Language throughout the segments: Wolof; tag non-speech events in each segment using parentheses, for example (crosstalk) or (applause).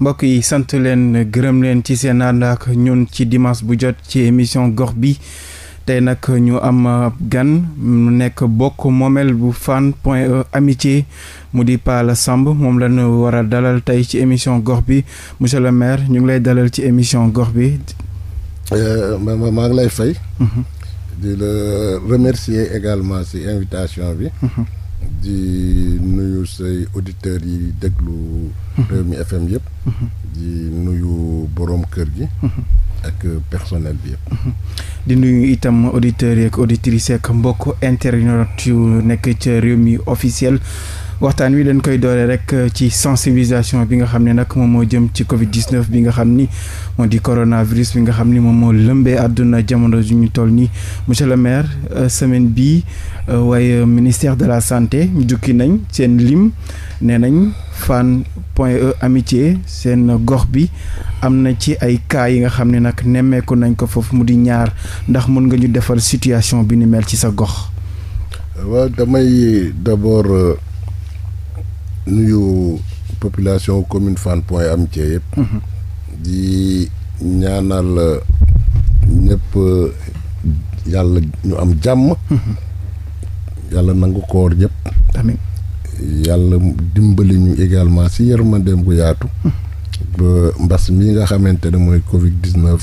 mbokk yi sant leen gërëm leen ci seen ànd ak ñun ci dimanche bu jot ci émission gox bi tey nag ñu am gan mu nekk bokk moomeel bu Fann Point E amitié mu di Palla Samb moom la waral dalal tey ci émission gox bi monsieur le maire ñu ngi lay dalal ci émission gox bi. Euh, maa ngi lay fay. Mhm. di la remercier également ci invitation bi. Mhm. di nuyu say auditeurs yi déglu. Mhm. Rewmi FM yëpp. Mhm. di nuyu boroom kër gi. Mhm. ak personnel bi yëpp. di nuyu itam auditeurs yeeg auditrices yeeg mbokk internet yu nekk ca mi officiel. waxtaan wi dañ koy doole rek euh, ci sensibilisation bi nga xam ne nag moom moo jëm ci Covid 19 bi nga xam ni moo di coronavirus bi nga xam ni moom moo lëmbee àdduna jamono ju ñu toll nii monsieur le maire euh, semaine bii euh, waaye ministère de la santé mu jukki nañ seen lim nee nañ Fann Point E Amitié seen gox bi am na ci ay cas yi nga xam ne nag nemmeeku nañ ko foofu mu di ñaar ndax mun nga ñu defal situation bi ni mel ci sa gox. waaw damay d'abord. nuyu population commune Fann Point Am ci yëpp mhm. di ñaanal euh, ñëpp euh, yàlla ñu am jàmm mhm. yàlla nangu koor yëpp amiin yàlla dimbali ñu également si yërmandeem gu yaatu mhm. ba mbas mi nga xamante ne mooy covid 19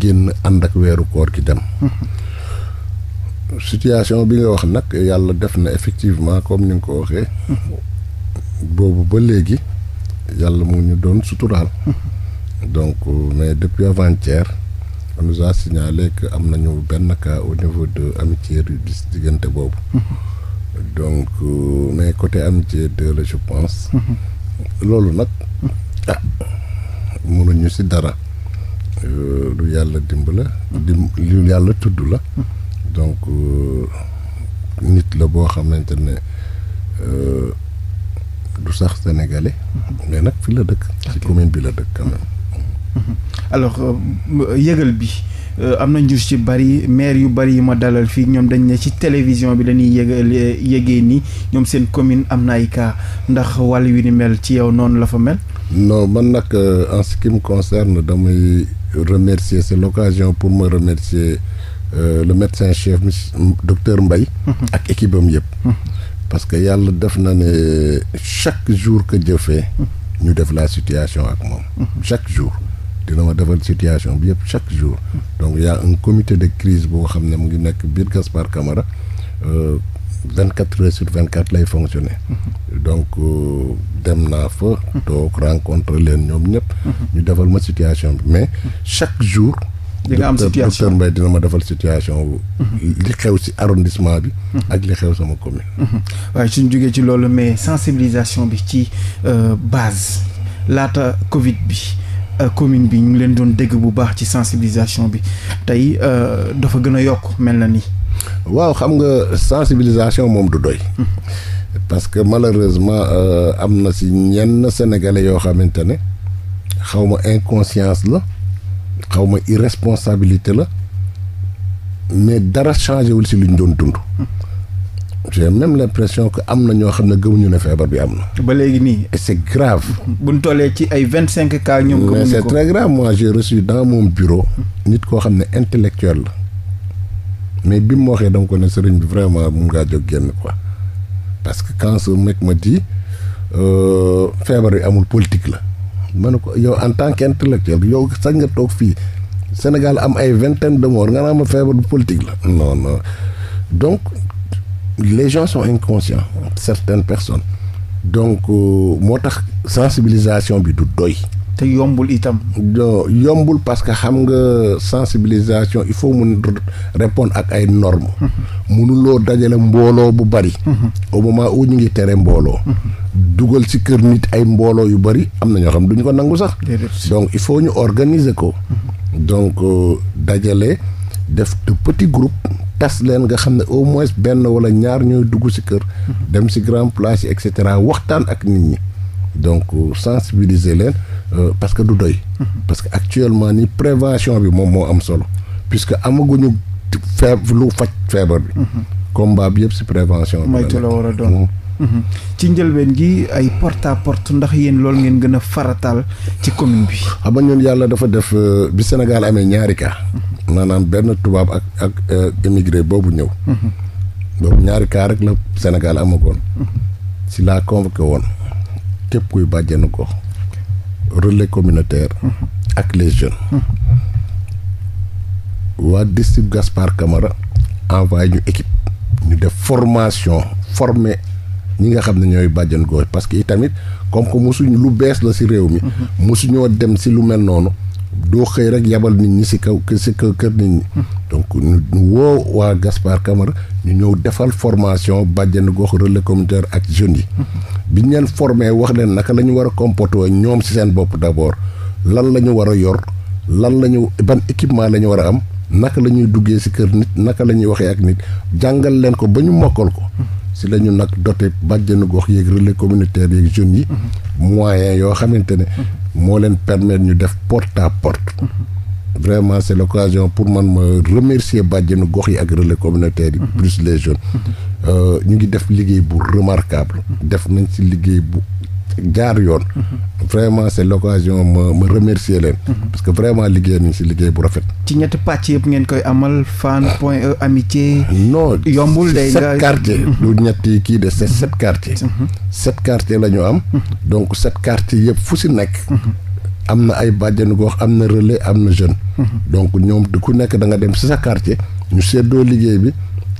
génn ànd ak weeru koor gi dem bi nga wax nag yàlla def na effectivement comme ni nga ko waxee boobu ba léegi yàlla mu ñu doon suturaal. (laughs) donc mais depuis avant-hier on nous a signalé que am nañu benn cas au niveau de amitié du diggante boobu. (laughs) donc mais côté amitié de la je pense. (laughs) loolu nag ah mënuñu si dara. Euh, lu yàlla dimbala. dim lu yàlla tudd la. donc euh, nit la boo xamante ne. Euh, du sax sénégalais. mais nag fi la dëkk. ci commune bi la dëkk quand même. Mhm. alors euh, yëgal bi euh, am na njur ci bari maire yu bari yi ma dalal fii ñoom dañ ne ci télévision bi dañuy yëgal yëgee nii ñoom seen commune am na ay cas ndax wàll wi ni mel ci yow noonu la fa mel. non man nag euh, en ce qui me concerne damay remercier c'est l'occasion pour me remercier euh, le médecin chef monsieur docteur Mbaye. Mhm. ak équipe am parce que yàlla def na ne chaque jour que jëfee hmm. ñu def la situation ak moom hmm. chaque jour dina ma defal situation bi yëpp chaque jour hmm. donc y a un comité de crise boo xam ne mu ngi nekk biir Gaspard Camara euh, vingt quatre heures sur vingt quatre lay fonctionner donc euh, dem naa fa toog rencontre leen ñoom ñëpp ñu defal ma situation bi mais chaque jour di nga am situation docteur Mbaye dina ma defal situation wu. Mhm. li xew si arrondissement bi. Mhm. ak li xew sama commune. Mhm. waaye suñ jógee ci loolu mais sensibilisation bi ci euh, base laata Covid bi. Euh, commune bi ñu ngi leen doon dégg bu baax ci sensibilisation bi tey euh, dafa gën a yokk mel na ni. waaw xam nga sensibilisation moom du doy. parce que malheureusement am na si ñenn sénégalais yoo xamante ne xaw ma inconscience la. xaw ma irresponsabilité la mais dara changé wul si lu ñu doon dund. j'ai même l'impression que am na ñoo xam ne gëmuñu ne feebar bi am na. ba léegi nii. et c'est grave. bu ñu tollee ci ay vingt cinq cas ñoom. gëmuñu ko mais c'est très grave moi j'ai reçu dans mon bureau. nit koo xam ne intellectuel la. mais bi mu waxee dama ko ne sëriñ bi vraiment mun ngaa jog génn ko parce que quand ce mec ma dit euh, feebar bi amul politique la. ma ne ko yow en tant que intellectuel yow sax nga toog fii Sénégal am ay vingtaine de morts nga naa ma feebar bu politique la non non donc les gens sont inconscients certaines personnes donc euh, moo tax sensibilisation bi du doy te yombul itam. yombul parce que xam nga sensibilisation il faut mun répondre ak ay norme (laughs) munuloo dajale mbooloo bu bari. (laughs) au moment où ñu ngi tere mbooloo. (laughs) dugal si kër nit ay mbooloo yu bari am na ñoo xam duñu ko nangu sax. donc il faut ñu organiser ko. donc euh, dajale def de petit groupe. tas leen nga xam ne au moins benn wala ñaar ñooy dugg si kër. dem si grand place yi et cetera waxtaan ak nit ñi donc euh, sensibiliser leen. Euh, parce que du doy. Mhm. parce que actuellement ni prévention bi moom moo am solo. puisque amaguñu feeb lu faj feebar bi. Mhm. combat bi yëpp si prévention. moytu la war a doon mhm. ci njëlbeen gi ay porte porte ndax yéen loolu ngeen gën a farataal ci commune bi. xam nga yàlla dafa def euh, bi Sénégal amee ñaari cas. maanaam benn tubaab ak ak immigré euh, boobu ñëw. boobu ñaari cas rek la Sénégal amagoon. si laa convoqué woon képp kuy na ko relais communautaire. ak les jeunes. waa district Gaspard Camara envoyé ñu ñu def formation forme ñi nga xam ne ñooy bàjjan gox parce que itamit comme que mosuñ lu bees la ci réew mi. Mhm. mosuñoo dem ci lu mel noonu. doo xëy rek yabal nit ñi si kaw si kër nit ñi. Hmm. donc ñu woo waa Gaspard kamar ñu ñëw defal formation bàjjenu gox relais communautaire ak jeunes yi. Hmm. bi ñu leen formé wax leen naka la ñu war a comporté ñoom si seen bopp d' abord lan la ñu war a yor lan la ñu ban équipement lañu ñu war a am naka la ñuy duggee si kër nit naka la ñuy waxee ak nit jàngal leen ko ba ñu mokkal ko. Hmm. si la ñu nag doté bàjjenu gox yeeg relais communautaire yeeg jeunes yi. moyens yoo xamante ne. moo leen permettre ñu def porte à porte. vraiment c' est l' occasion pour man ma remercier bàjjenu gox yi ak relais communautaire yi. plus les jeunes. Euh, ñu ngi def liggéey bu remarquable. def nañ si liggéey bu jaar yoon. vraiment c' est l' occasion ma ma remercier leen. parce que vraiment liggéey nañ si liggéey bu rafet. ci ñetti pàcc yëpp ngeen koy amal Fann Point E Amitié. non yombul day sept mhm. ñetti kii de c' est mhm. sept quartiers. Mhm. sept quartiers la am. donc sept quartiers yëpp fu si nekk. am na ay bàjjenu gox am na relais am na jeune. donc ñoom ku nekk da nga dem si sa quartier ñu seddoo liggéey bi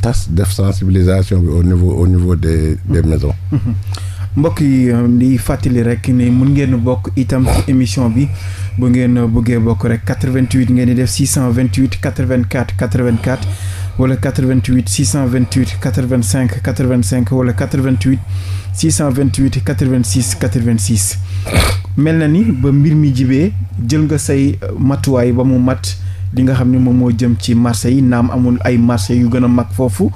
tas def sensibilisation bi au niveau au niveau des des maisons. mbokk yi euh, di fàttali rek ni mun ngeen bokk itam ci émission bi bu ngeen bëggee bokk rek 88 ngeen di def 628 84 84 wala 88 628 85 85 wala 88 628 86 86. mel na ni ba mbir mi jibee jël nga say euh, matuwaay ba mu mat li nga xam ne moom moo jëm ci marché yi naam amul ay marché yu gën a mag foofu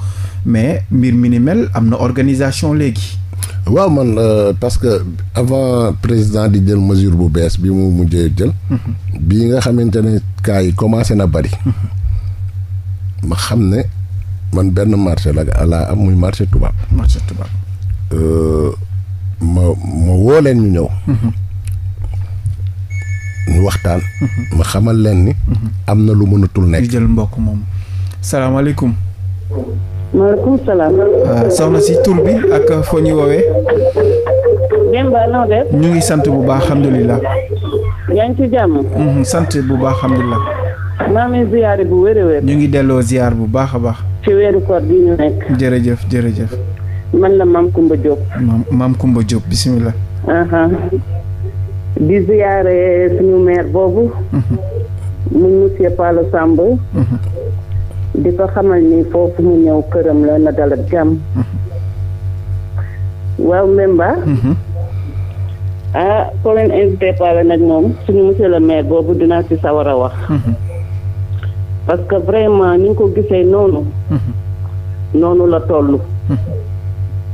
mais mbir mi ni mel am na organisation léegi. waaw man euh, parce que avant président di jël mesure bu bees bi mu mujjee jël. bii nga xamante ne cas yi commencé na bari. ma xam ne man benn marché la laa am muy marché tubaab. marché tubaab. Euh, ma ma woo leen ñu ñëw. ñu waxtaan. ma xamal leen ni. Mhm. am na lu mënatul nekk. di jël mbokk moom. salaamaaleykum. maaleykum salaam. Euh, soxna si tur bi ak foo ñu woowee. Demba ñu ngi sant bu baax alhamdulilah. yaa ngi ci jàmm. Mhm, sant bu baax alhamdulilah. maa ngi ziyaare bu wér a ñu ngi delloo ziyaar bu baax a baax. ci weeru koor gi ñu nekk. jërëjëf jërëjëf. man la maam Kumba Diop. maam Kumba Diop bisimilah. di ziyaare suñu maire boobu. Mhm. mu monsieur Palla Samb. Mhm. di ko xamal ni foofu mu ñëw këram la na dalal jàmm. Mm-hmm. waaw Mbemba. Mm-hmm. ah ko leen invité parler nag moom suñu monsieur le maire boobu dinaa ci sawar a wax. Mm-hmm. parce que vraiment ni ko gisee noonu. noonu la toll.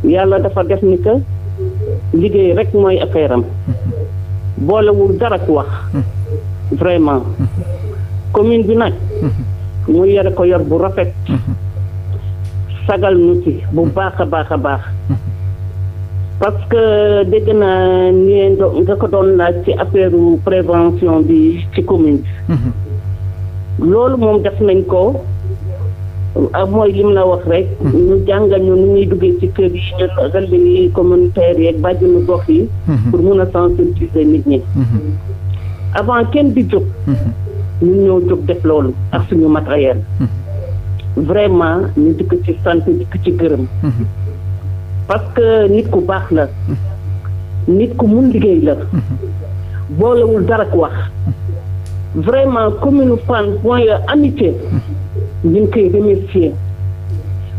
yàlla dafa def ni que liggéey rek mooy affaire am. boolewul dara ku wax. vraiment commune bi nag. mu yore ko yor bu rafet mhm. sagal nu ci bu mhm. baax a baax a baax mhm. parce que dégg na ni nga ko doon laaj ci affaire prévention bi ci commune loolu moom def nañ ko ah, mooy lim la wax rek ñu jàngal ñu nu ñuy duggee ci kër yi ñun relais communautaire yeeg bàjjenu gox yi pour mun a sensibiliser nit ñi avant kenn di jóg ñu ñëw jóg def loolu ak suñu matériel hmm. vraiment ñu dikk ci sant dikk ci gërëm hmm. parce que nit ku baax la hmm. nit ku mun liggéey la boolewul dara ku wax vraiment commune Fann Point E Amitié ñu ngi koy remercier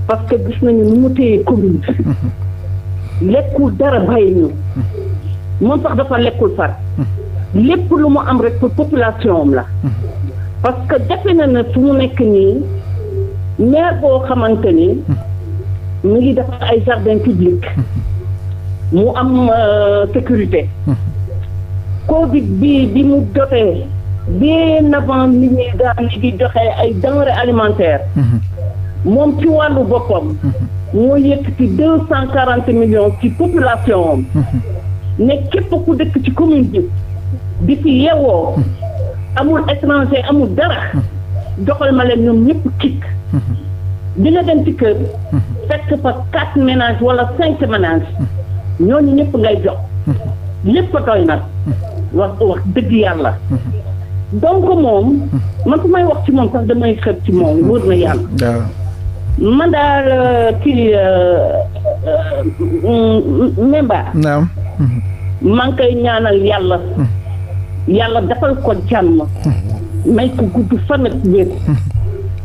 parce que gis nañu nu mu téye commune wul lekkul dara bàyyi ñu moom sax dafa lekkul far lépp lu mu am rek pour population la. Hmm. parce que jafe na ne fu mu nekk nii maire boo xamante ni. Hmm. mu ngi defar ay jardin public. Hmm. mu am euh, sécurité. Covid bi bi mu jotee. bien avant nit ñi daan di joxe ay denrées alimentaire moom ci wàllu boppam. mooy moo yëkkati deux cent quarante millions ci population am. ne képp ku dëkk ci commune bi. bi ci yeewoo amul étranger amul dara joxal ma leen ñoom ñëpp kikk di nga dem ci kër fekk fa quatre ménages wala cinq ménages ñooñu ñëpp ngay jox lépp a nag wax wax dëgg yàlla donc moom man ku may wax ci moom sax damay xër ci moom wóor na yàlla man daal euh, kii euh, euh, Memba naam maa ngi koy ñaanal yàlla yàlla defal ko jàmm may ko gudd fan ak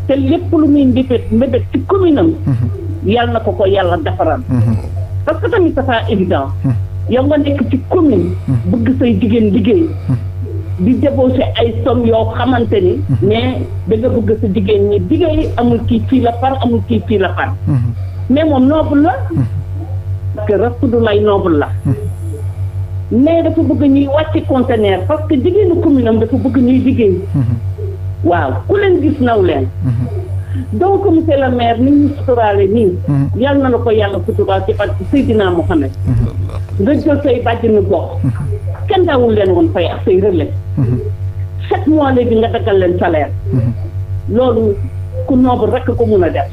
te lépp lu muy mbébét mbébét ci commune yàlla na ko ko yàlla defaral parce que tamit c'est évident yow nga nekk ci commune bëgg say jigéen liggéey di débauché ay somme yoo xamante ni mais da nga bëgg sa jigéen ñi liggéey amul kii fii la par amul kii fii la par mm-hmm. mais moom noble la parce que Rasulullah noble la mais dafa bëgg ñuy wàcc conteneur parce que jigéenu commune dafa bëgg ñuy liggéey. Mhm. waaw ku leen gis naw leen. Mhm. donc monsieur le maire ni ñu suturaale nii. Mhm. yal na la ko yàlla suturaal ci barke Seydina Mohamed. nga jël say bàjjenu gox. kenn daawul leen woon fay ak say relais. chaque mois léegi nga daggal leen salaire. loolu ku noobu rekk ko mun a def.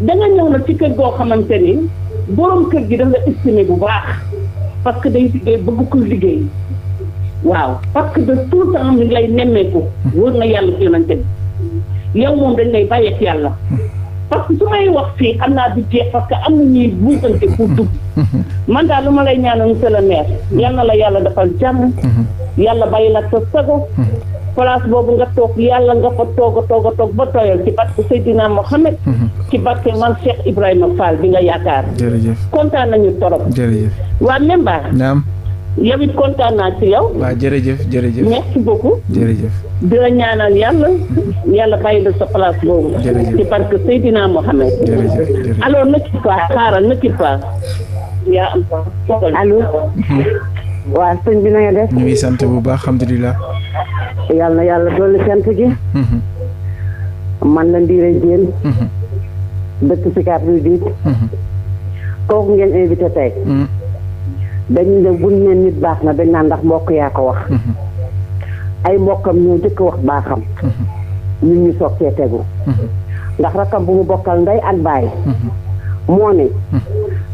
da nga ñëw nag ci kër goo xamante ni borom kër gi dafa estimé bu baax. parce que day liggéey bëgg ko liggéey waaw parce que de tout le temps mi ngi lay nemmeeku. wóor na yàlla ci yonante bi yow moom dañ lay bàyyeek yàlla. parce que su may wax fii am naa du parce que am na ñuy buutante pour dugg. man daal lu ma lay ñaanal monsieur le na la yàlla defal jàmm. Mm-hmm. yàlla bàyyi la sa sago. place boobu nga toog yàlla nga fa toog a toog a toog ba tooyal ci barke Seydina Mohamed. Mhm. ci barke man Cheikh Ibrahima Fall bi nga yaakaar. jërëjëf kontaan nañu torop. jërëjëf waa Memba. naam. yow it kontaan naa si yow. waaw jërëjëf jërëjëf. merci beaucoup. jërëjëf. di la ñaanal yàlla. Mhm. yàlla bàyyi la sa place boobu. jërëjëf ci barke Seydina Mohamed. jërëjëf jërëjëf alors ne xaaral ne quitte yaa am allo. Mhm. waaw sëñ bi na nga def. ñu ngi sant bu baax alhamdulilah. yàlla na yàlla dolli sant gi. Mhm. man la Ndiire Diène. Mhm. dëkk si Sicap Rewdine. Mhm. kooku ngeen invité tey. dañ ne buñ ne nit baax na dañ naan ndax mbokk yaa ko wax. ay mbokkam ñoo jëkk wax baaxam. ñun ñu soog cee tegu. ndax rakam bu mu bokkal ndey ak baay. moo ne.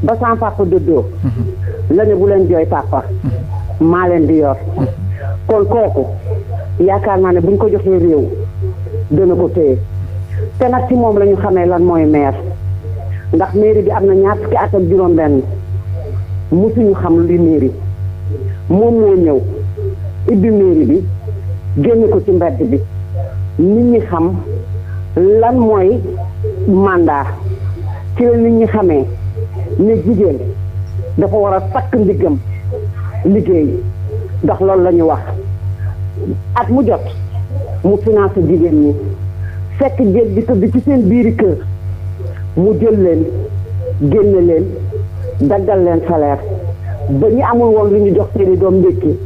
ba sans papa dëddoo. la bu leen jooy papa maa leen di yor kon kooku yaakaar naa ne buñ ko joxee réew dana ko téye te nag ci moom lañu ñu xamee lan mooy maire ndax mairie bi am na ñaar fukki at ak juróom-benn musuñu xam li mairie moom moo ñëw ibbi mairie bi génn ko ci mbedd bi nit ñi xam lan mooy mandat ci la nit ñi xamee ne jigéen. dafa war a takk ndiggam liggéey ndax loolu la ñu wax at mu jot mu financé jigéen ñi fekk ngeen di tëdd ci seen biiri kër mu jël leen génne leen daggal leen salaire ba ñu amul woon lu ñu jox seeni doom ndékki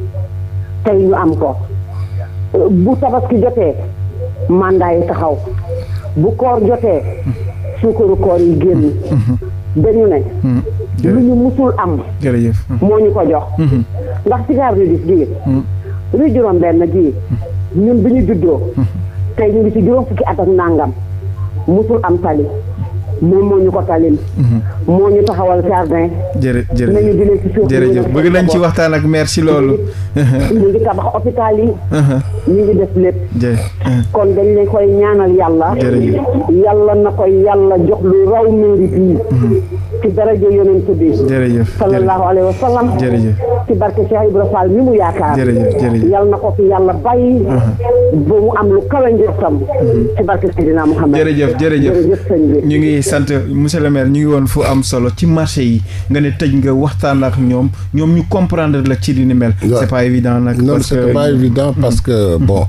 tey ñu am ko bu tabaski jotee mandat yi taxaw bu koor jotee suukaru koor yi génn dañu mm-hmm. ne mm-hmm. lu ñu musul am. jërëjëf moo ñu ko jox. Mhm. ndax cigare réduit gii. rue mhm. juróom-benn gii. Mhm. ñun bi ñu juddoo. tey ñu ngi ci juróom fukki at ak nangam. musul am tali. moom moo ñu ko talil. moo ñu taxawal jardin. jërë jërëjëf jërëjëf bëgg nañ ci waxtaan ak maire si loolu. (laughs) ñu ngi tabax hôpital yi. ñu ngi def lépp. kon dañ ne koy ñaanal yàlla. yàlla na koy yàlla jox lu raw mérite yi. ci daraja yonent bi jërëjëf sallallahu alayhi wa sallam jërëjëf ci barke Cheikh Ibra Fall mi mu yaakaar uh-huh. am lu uh-huh. jërëjëf ñu ngi sant monsieur le maire ñu ngi woon fu am solo ci marché yi nga ne tëj nga waxtaan ak ñoom ñoom ñu comprendre la ci li ni mel c'est pas évident nag non c'est pas évident mm-hmm. parce que mm-hmm. bon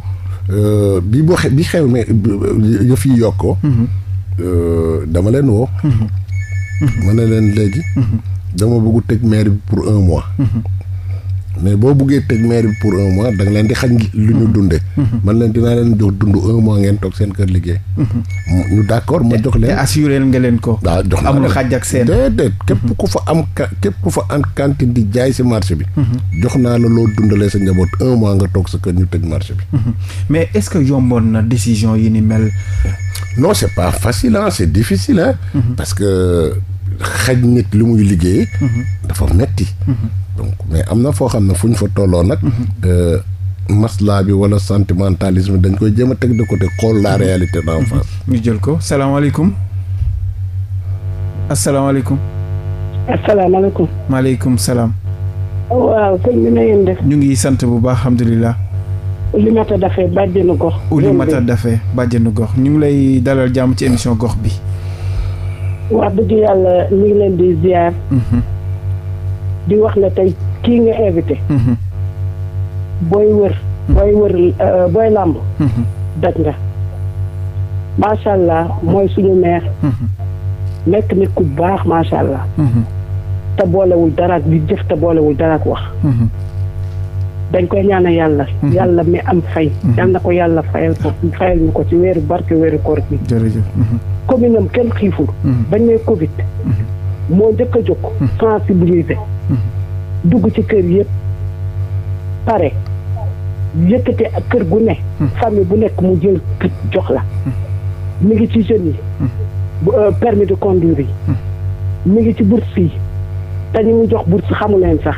euh, bi boo bi xew me yëf yi yokkoo mm-hmm. euh, dama leen woo ma ne leen léegi. Mhm. dama bëgg pour un mois. Mhm. mais boo buggee tëj maire bi pour un mois da leen di xañ lu ñu dunde mhm. man leen dinaa leen jox dund un mois ngeen toog seen kër liggéey mhm. ñu d' accord ma jox leen assuré nga leen ko waaw jox amul xàjj mhm. képp ku fa am képp di jaay si marché bi jox naa la loo dundalee sa njaboot un mois nga toog sa kër ñu tëj marché bi mais est que yomboon na décision yi ni mel non c' est pas facile ah c' est difficile ah parce que xaj nit li muy liggéey dafa metti donc mais am na foo xam ne fu ñu fa tolloo nag. Mhm. Euh, maslaa bi wala sentimentalisme dañ koy jéem a teg ko côté xool la mhm. réalité d'en mhm. face. ñu jël ko salaamaaleykum. asalaamaaleykum. asalaamaaleykum. maaleykum salaam. waaw sëñ bi na ngeen def. ñu ngi sant bu baax alhamdulilah. Oulimata Daffé bàjjenu gox. Oulimata Daffé bàjjenu gox ñu ngi lay dalal jàmm ci émission gox bi. wax dëgg yàlla ñu leen di ziar. di wax ne tey kii nga invité. Mhm. booy wër. Mhm. booy wër euh, booy làmb. Mhm. daj nga. macha allah mooy suñu maire. nekk nit ku baax macha allah. te boolewul daraak di jëf te boolewul daraak wax. dañ koy ñaanal yàlla. yàlla mi am fay. yàlla ko yàlla fayal ko fayal ñu ko ci weeru barke weeru koor bi. jërëjëf. kenn xiiful. bañ ne Covid. moo njëkk a jóg sensibiliser. dugg ci kër yëpp pare yëkkate ak kër gu ne hmm. famille bu nekk mu jël kër jox la mu hmm. ngi ci jeunes yi hmm. euh, permis de conduire yi mi ngi ci bourse yi te ñu mu jox bourse xamu sax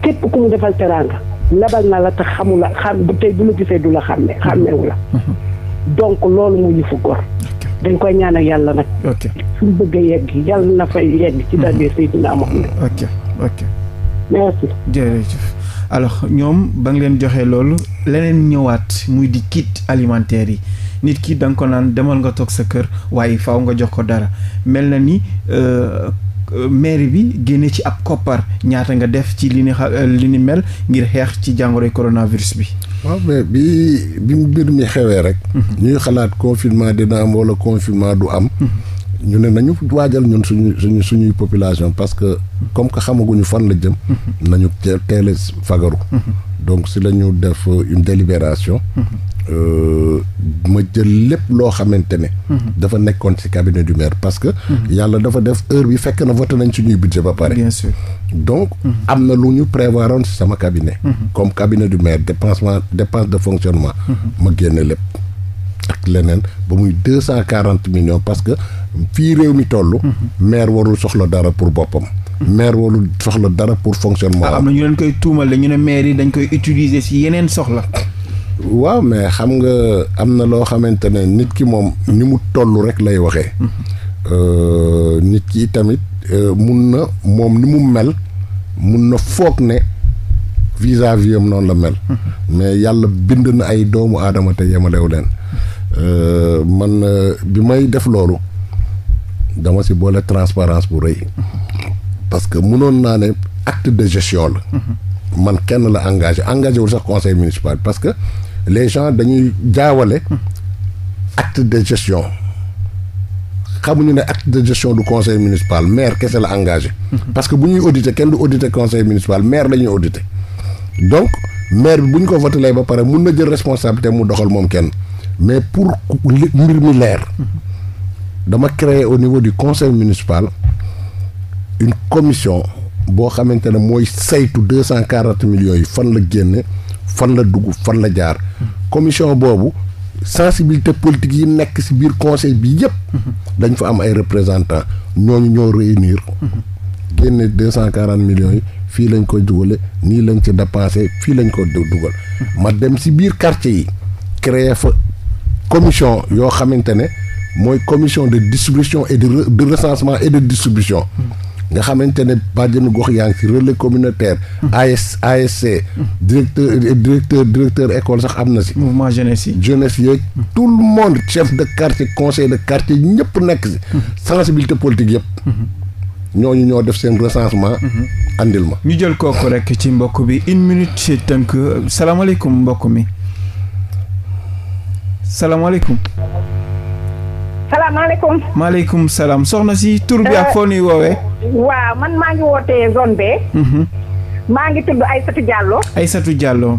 képp ku mu defal teraanga labal na la tax xamula xam tey bu la gisee du la xàmme xàmmewu la donc loolu mu yëfu gor dañ koy ñaanal yàlla nag. ok fu mu bëgg a yegg yàlla na fay yegg. ci dajee Seydina Muhammad. ok ok. merci. jërëjëf alors ñoom ba nga leen joxee loolu leneen ñëwaat muy di kit alimentaire yi. nit ki da nga ko naan demal nga toog sa kër waaye faw nga jox ko dara mel na ni euh, mairie bi génne ci ab koppar ñaata nga def ci li ni euh, li ni mel ngir xeex ci jàngoroy coronavirus bi. bi mu mbir mi xewee rek. Mhm. ñuy xalaat confinement dina am wala confinement du am. Mhm. ñu ne nañu waajal ñun suñu suñu suñuy population parce que comme que xamaguñu fan la jëm. Mhm. nañu teel a fagaru. donc si la ñu def une délibération. Euh, ma jël lépp loo xamante ne. Mhm. dafa nekkoon ci cabinet du maire parce que. Mhm. yàlla dafa def heure bi fekk na voté nañ suñuy budget ba pare. bien sûr donc. Mhm. am na lu ñu prévoir ci sama cabinet. comme cabinet du maire dépensement dépense de fonctionnement. ma génne lépp. ak leneen ba muy deux cent quarante millions parce que fii réew mi toll. maire warul soxla dara pour boppam. maire warul soxla dara pour fonctionnement. am na ñu leen koy tuumal ñu ne maire yi dañ koy utiliser ci yeneen soxla. waaw mais xam nga am na loo xamante ne nit ki moom ni mu toll rek lay waxee. Mm-hmm. Euh, nit ki tamit euh, mun na moom ni mu mel mun na foog ne vis-à-vis am noonu la mel. Mm-hmm. mais yàlla bind na ay doomu aadama te yemalewu leen. Euh, man bi may def loolu dama si boole transparence bu rëy. Mm-hmm. parce que munoon naa ne acte de gestion la. man kenn la engage engagé wul sax conseil municipal parce que. les gens dañuy jaawale acte de gestion xamuñu ne acte de gestion du conseil municipal maire kese la engagé. Mhm. parce que bu ñuy auditer kenn du auditer conseil municipal maire la ñuy auditer donc maire bi bu ñu ko votelee ba pare mun na jël responsabilité mu doxal moom kenn mais pour mbir mi leer mhm. dama créer au niveau du conseil municipal une commission boo xamante ne mooy saytu deux cent quarante millions yi fan la génne fan la dugg fan la jaar commission boobu sensibilité politique yi nekk ci biir conseil bi yëpp dañ fa am ay représentants ñooñu ñoo réunir génne deux cent quarante millions yi fii lañ koy dugale nii lañ ci dépensé fii lañ ko dugal ma dem ci biir quartier yi créer fa commission yoo xamante ne mooy commission de distribution et de recensement et de distribution nga xamante ne bàjjenu gox yaa ngi ci relais communautaire. AS ASC. directeur directeur directeur école sax am na si. mouvement jeunesse yi. jeunesse yeeg tout le monde chef de quartier conseil de quartier ñëpp nekk si. sensibilité politique yëpp. ñooñu ñoo def seen recensement. andil ma. ñu jël kooku rekk ci mbokk bi une minute ci tënk salaamaaleykum mbokk mi salaamaaleykum. salaamaaleykum. maaleykum salaam soxna si tur bi ak euh, foo nuy woowee. waaw man maa ngi wootee zone be mhm. maa ngi tudd jàlloo ay satu jàlloo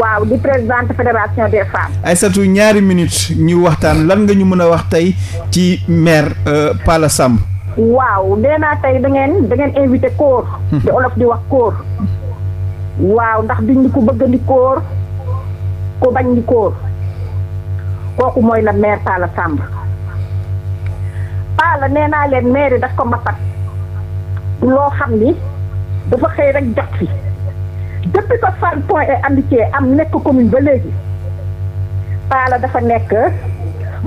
waaw di présidente fédération des ay Aïssatou ñaari minutes ñu waxtaan lan nga ñu mën a wax tey ci maire euh, Palla Samb. waaw nee naa tey dangeen ngeen da ngeen invité koor. di mhm. olof di wax koor. waaw ndax duñ ko bëgg di koor ko bañ di koor kooku mooy la maire Palla paa la nee naa leen mairie daf ko mbapat loo xam ni dafa xëy rek jox fi depuis que Fann Point et Amitié am nekk commune ba léegi paa la dafa nekk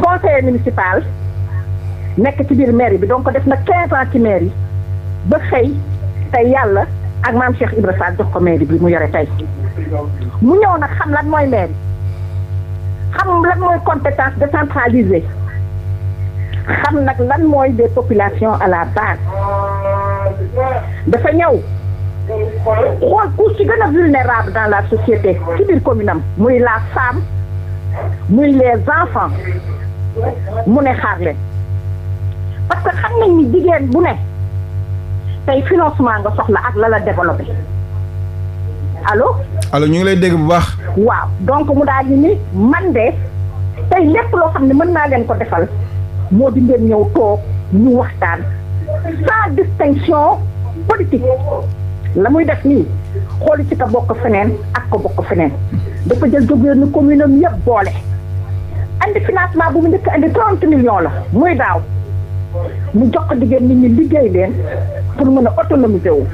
conseiller municipal nekk ci biir mairie bi donc ko def na 15 ans ci mairie ba xëy tey yàlla ak maam Cheikh Ibra Fall jox ko mairie bi mu yore tey mu ñëw nag xam lan mooy mairie xam lan mooy compétence décentralisée. xam nag lan mooy des populations à la base dafa ñëw xool couche ci gën a vulnérable dans la société ci commune am muy la femme muy les enfants mu ne xaar leen parce que xam nañ ni jigéen bu ne tey financement nga soxla ak la la développé allo. allo ñu ngi lay dégg bu baax. waaw donc mu daal di ni man de tey lépp loo xam ne mën naa leen ko defal. moo di ngeen ñëw toog ñu waxtaan sans distinction politique la muy def nii xooli ci ka bokk feneen ak ko bokk feneen dafa jël gouverneur commune am yëpp boole andi financement bu mu njëkk andi trente millions la muy daaw mu jox ko diggéen nit ñi liggéey leen pour mën a autonomiser wu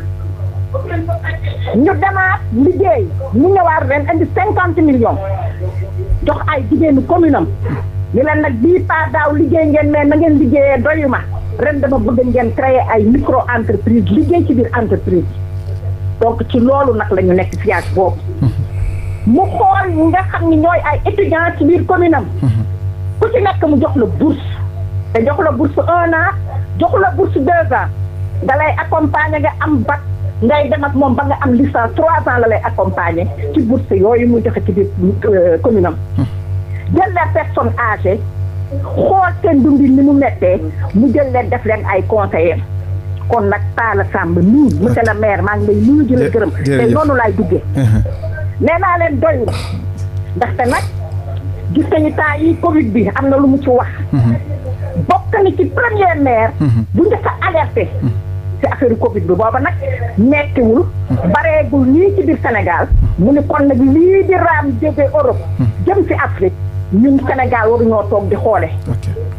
ñu demaat liggéey mu ñëwaat ren andi cinquante millions jox ay jigéenu commune am ñu leen nag bii pas daaw liggéey ngeen mais na ngeen liggéeyee doyu ma ren dama bëgg ngeen créer ay micro entreprise liggéey ci biir entreprise donc ci loolu nag la ñu nekk siège boobu mu xool ñi nga xam ne ñooy ay étudiants ci biir commune am ku ci nekk mu jox la bourse te jox la bourse un naa jox la bourse deux ans da lay accompagner nga am bac ngay dem ak moom ba nga am licence trois ans la lay accompagner ci bourse yooyu mu joxe ci biir euh, commune am jël leen personne âgée xool seen dundin ni mu mettee mu jël leen def leen ay conseillers kon nag Talla Samb nii monsieur a maire maa ngi lay nuyu di la gërëm te noonu laay duggee uh-huh. nee naa leen doy na ndaxte nag gis nañu temps yi Covid bi am na lu mu ci wax uh-huh. bokk na ci premier maire uh-huh. bu njëkk a alerté ci affaire Covid bi booba nag mettiwul bareegul nii ci biir Sénégal mu ni kon nag lii di raam jóge Europe jëm ci Afrique ñun Sénégal waruñoo toog di xoole.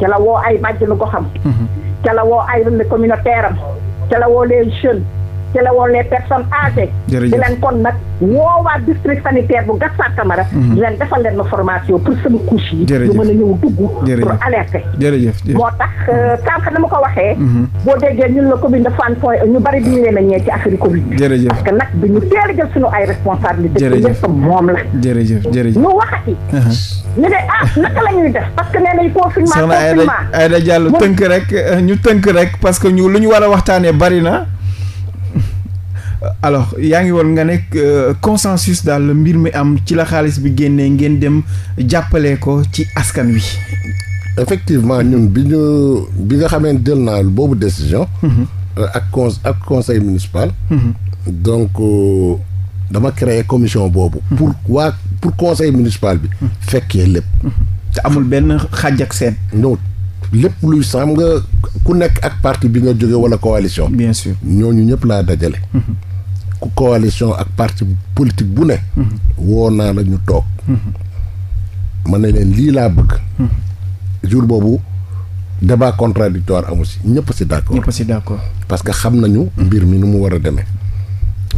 ca la woo ay bàjjenu goxam. Mhm. ca la woo ay relais communautaire am. ca la woo les jeunes. ci la woon les personnes âgées. di leen kon nag woowaat district sanitaire bu Gaspard Camara. Mhm. di leen defal leen ma formation pour sama couche yi. jërëjëf ñu mën a ñëw dugg. pour alerter. jërëjëf moo tax euh, mhm. sànq na ma ko waxee. Mhm. boo déggee ñun la commune de Fann e, ñu bari di ñu leen a ñee ci affaire Covid. jërëjëf parce que nag bi ñu teel a jël suñu ay responsabilités. jërëjëf te moom la. jërëjëf jërëjëf ñu waxati. ñu ne ah naka la def parce que nee nañ confinement. confinement soxna Aïda Aïda Diallo tënk rek euh, ñu tënk rek parce que ñu lu ñu war a waxtaanee bari na alors yaa ngi woon nga nekk euh, consensus daal mbir mi am ci la xaalis bi génnee ngeen dem jàppale ko ci askan wi. effectivement ñun bi ñu bi nga xamee jël naa boobu décision. Mhm. Euh, ak con ak conseil municipal. Mhm. donc euh, dama créer commission boobu. Mhm. pour waa pour conseil municipal bi. fekkee lépp. te amul benn xàjj ak seen. non lépp luy sàmm nga ku nekk ak parti bi nga jóge walla coalition. bien sûr ñooñu ñëpp laa dajale. ku coalition ak parti politique bu ne. woo naa la ñu toog. ma ne leen lii laa bëgg. jour boobu débat contradictoire amu si ñëpp si d' accord. ñëpp si parce que xam nañu. mbir mi nu mu war a demee.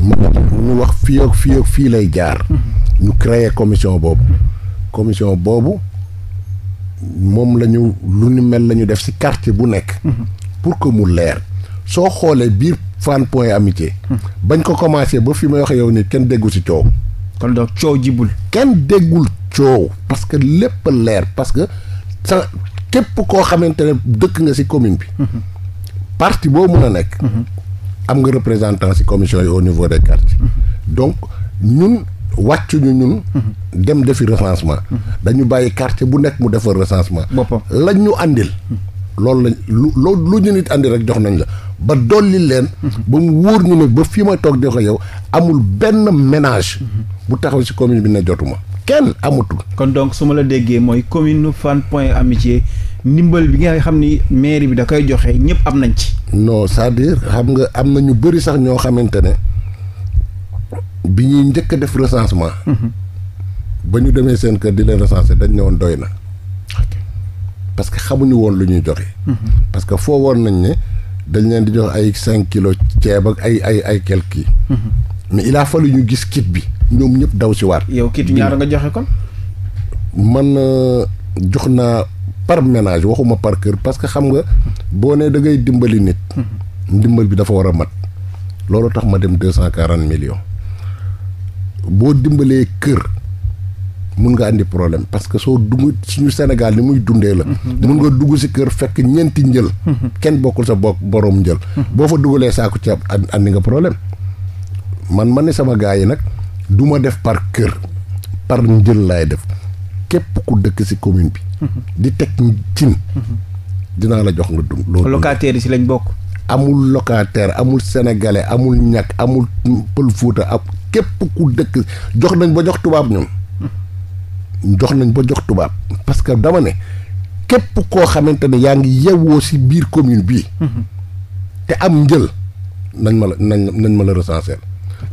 mu ñu wax fii ak fii ak fii lay jaar. ñu créer commission boobu. commission boobu moom lañu lu ni mel la ñu def si quartier bu nekk. pour que mu leer soo xoolee biir Fann Point Amitié. bañ ko commencé ba fi may waxee yow ni kenn déggu si coow. kon donc coow jibul kenn déggul coow parce que lépp leer parce que sa képp koo xamante ne dëkk nga si commune bi. parti boo mën a nekk. am nga représentant si commission yi au niveau des quartiers. donc ñun wàccuñu ñun. dem defi recensement. dañu bàyyi quartier bu nekk mu defar recensement. boppam la ñu àndil. loolu lañ lu loo ñu nit àndi rek jox nañ la ba dolli leen. ba mu wóor ñu ne ba fii ma toog jox ko yow amul benn ménage. bu taxaw ci commune bi ne jotuma kenn amatul. kon donc su ma la déggee mooy commune Fann Point Amitié ndimbal bi nga xam ni mairie bi da koy joxe ñëpp am nañ ci. non cest à xam nga am na ñu bëri sax ñoo xamante ne bi ñuy njëkk def recensement. Mhm. ba ñu demee seen kër di leen recenser dañ ne woon doy na. parce que xamuñu woon lu ñuy joxe. Mhm. parce que foo woon nañ ne dañ leen di jox ay cinq kilos ceeb ak ay ay ay quelque mhm. mais il a fallu ñu gis kit bi ñoom ñëpp daw si waat. yow kit ñaar nga joxe kon. man euh, jox naa par ménage waxuma par kër parce que xam nga boo nee da ngay dimbali nit. Mhm. ndimbal bi dafa war a mat. loolu tax ma dem deux cent quarante millions boo dimbalee kër. mun nga àndi problème parce que soo dugg suñu Sénégal ni muy dundee la. mun nga dugg si kër fekk ñeenti njël. kenn bokkul sa bokk borom njël. boo fa dugalee saako ceeb andi nga problème man ma ne sama gars yi nag du ma def par kër par njël laay def képp ku dëkk si commune bi. di teg cin. dinaa la jox nga dund loolu. locataire yi si lañ bokk. amul locataire amul sénégalais amul ñàkk amul pël Fuuta ak képp ku dëkk jox nañ ba jox tubaab ñoom jox nañ ba jox tubaab parce que dama ne képp koo xamante ne yaa ngi yewwoo si biir commune bii. te am njël nañ ma la nañ nañ ma la recenser.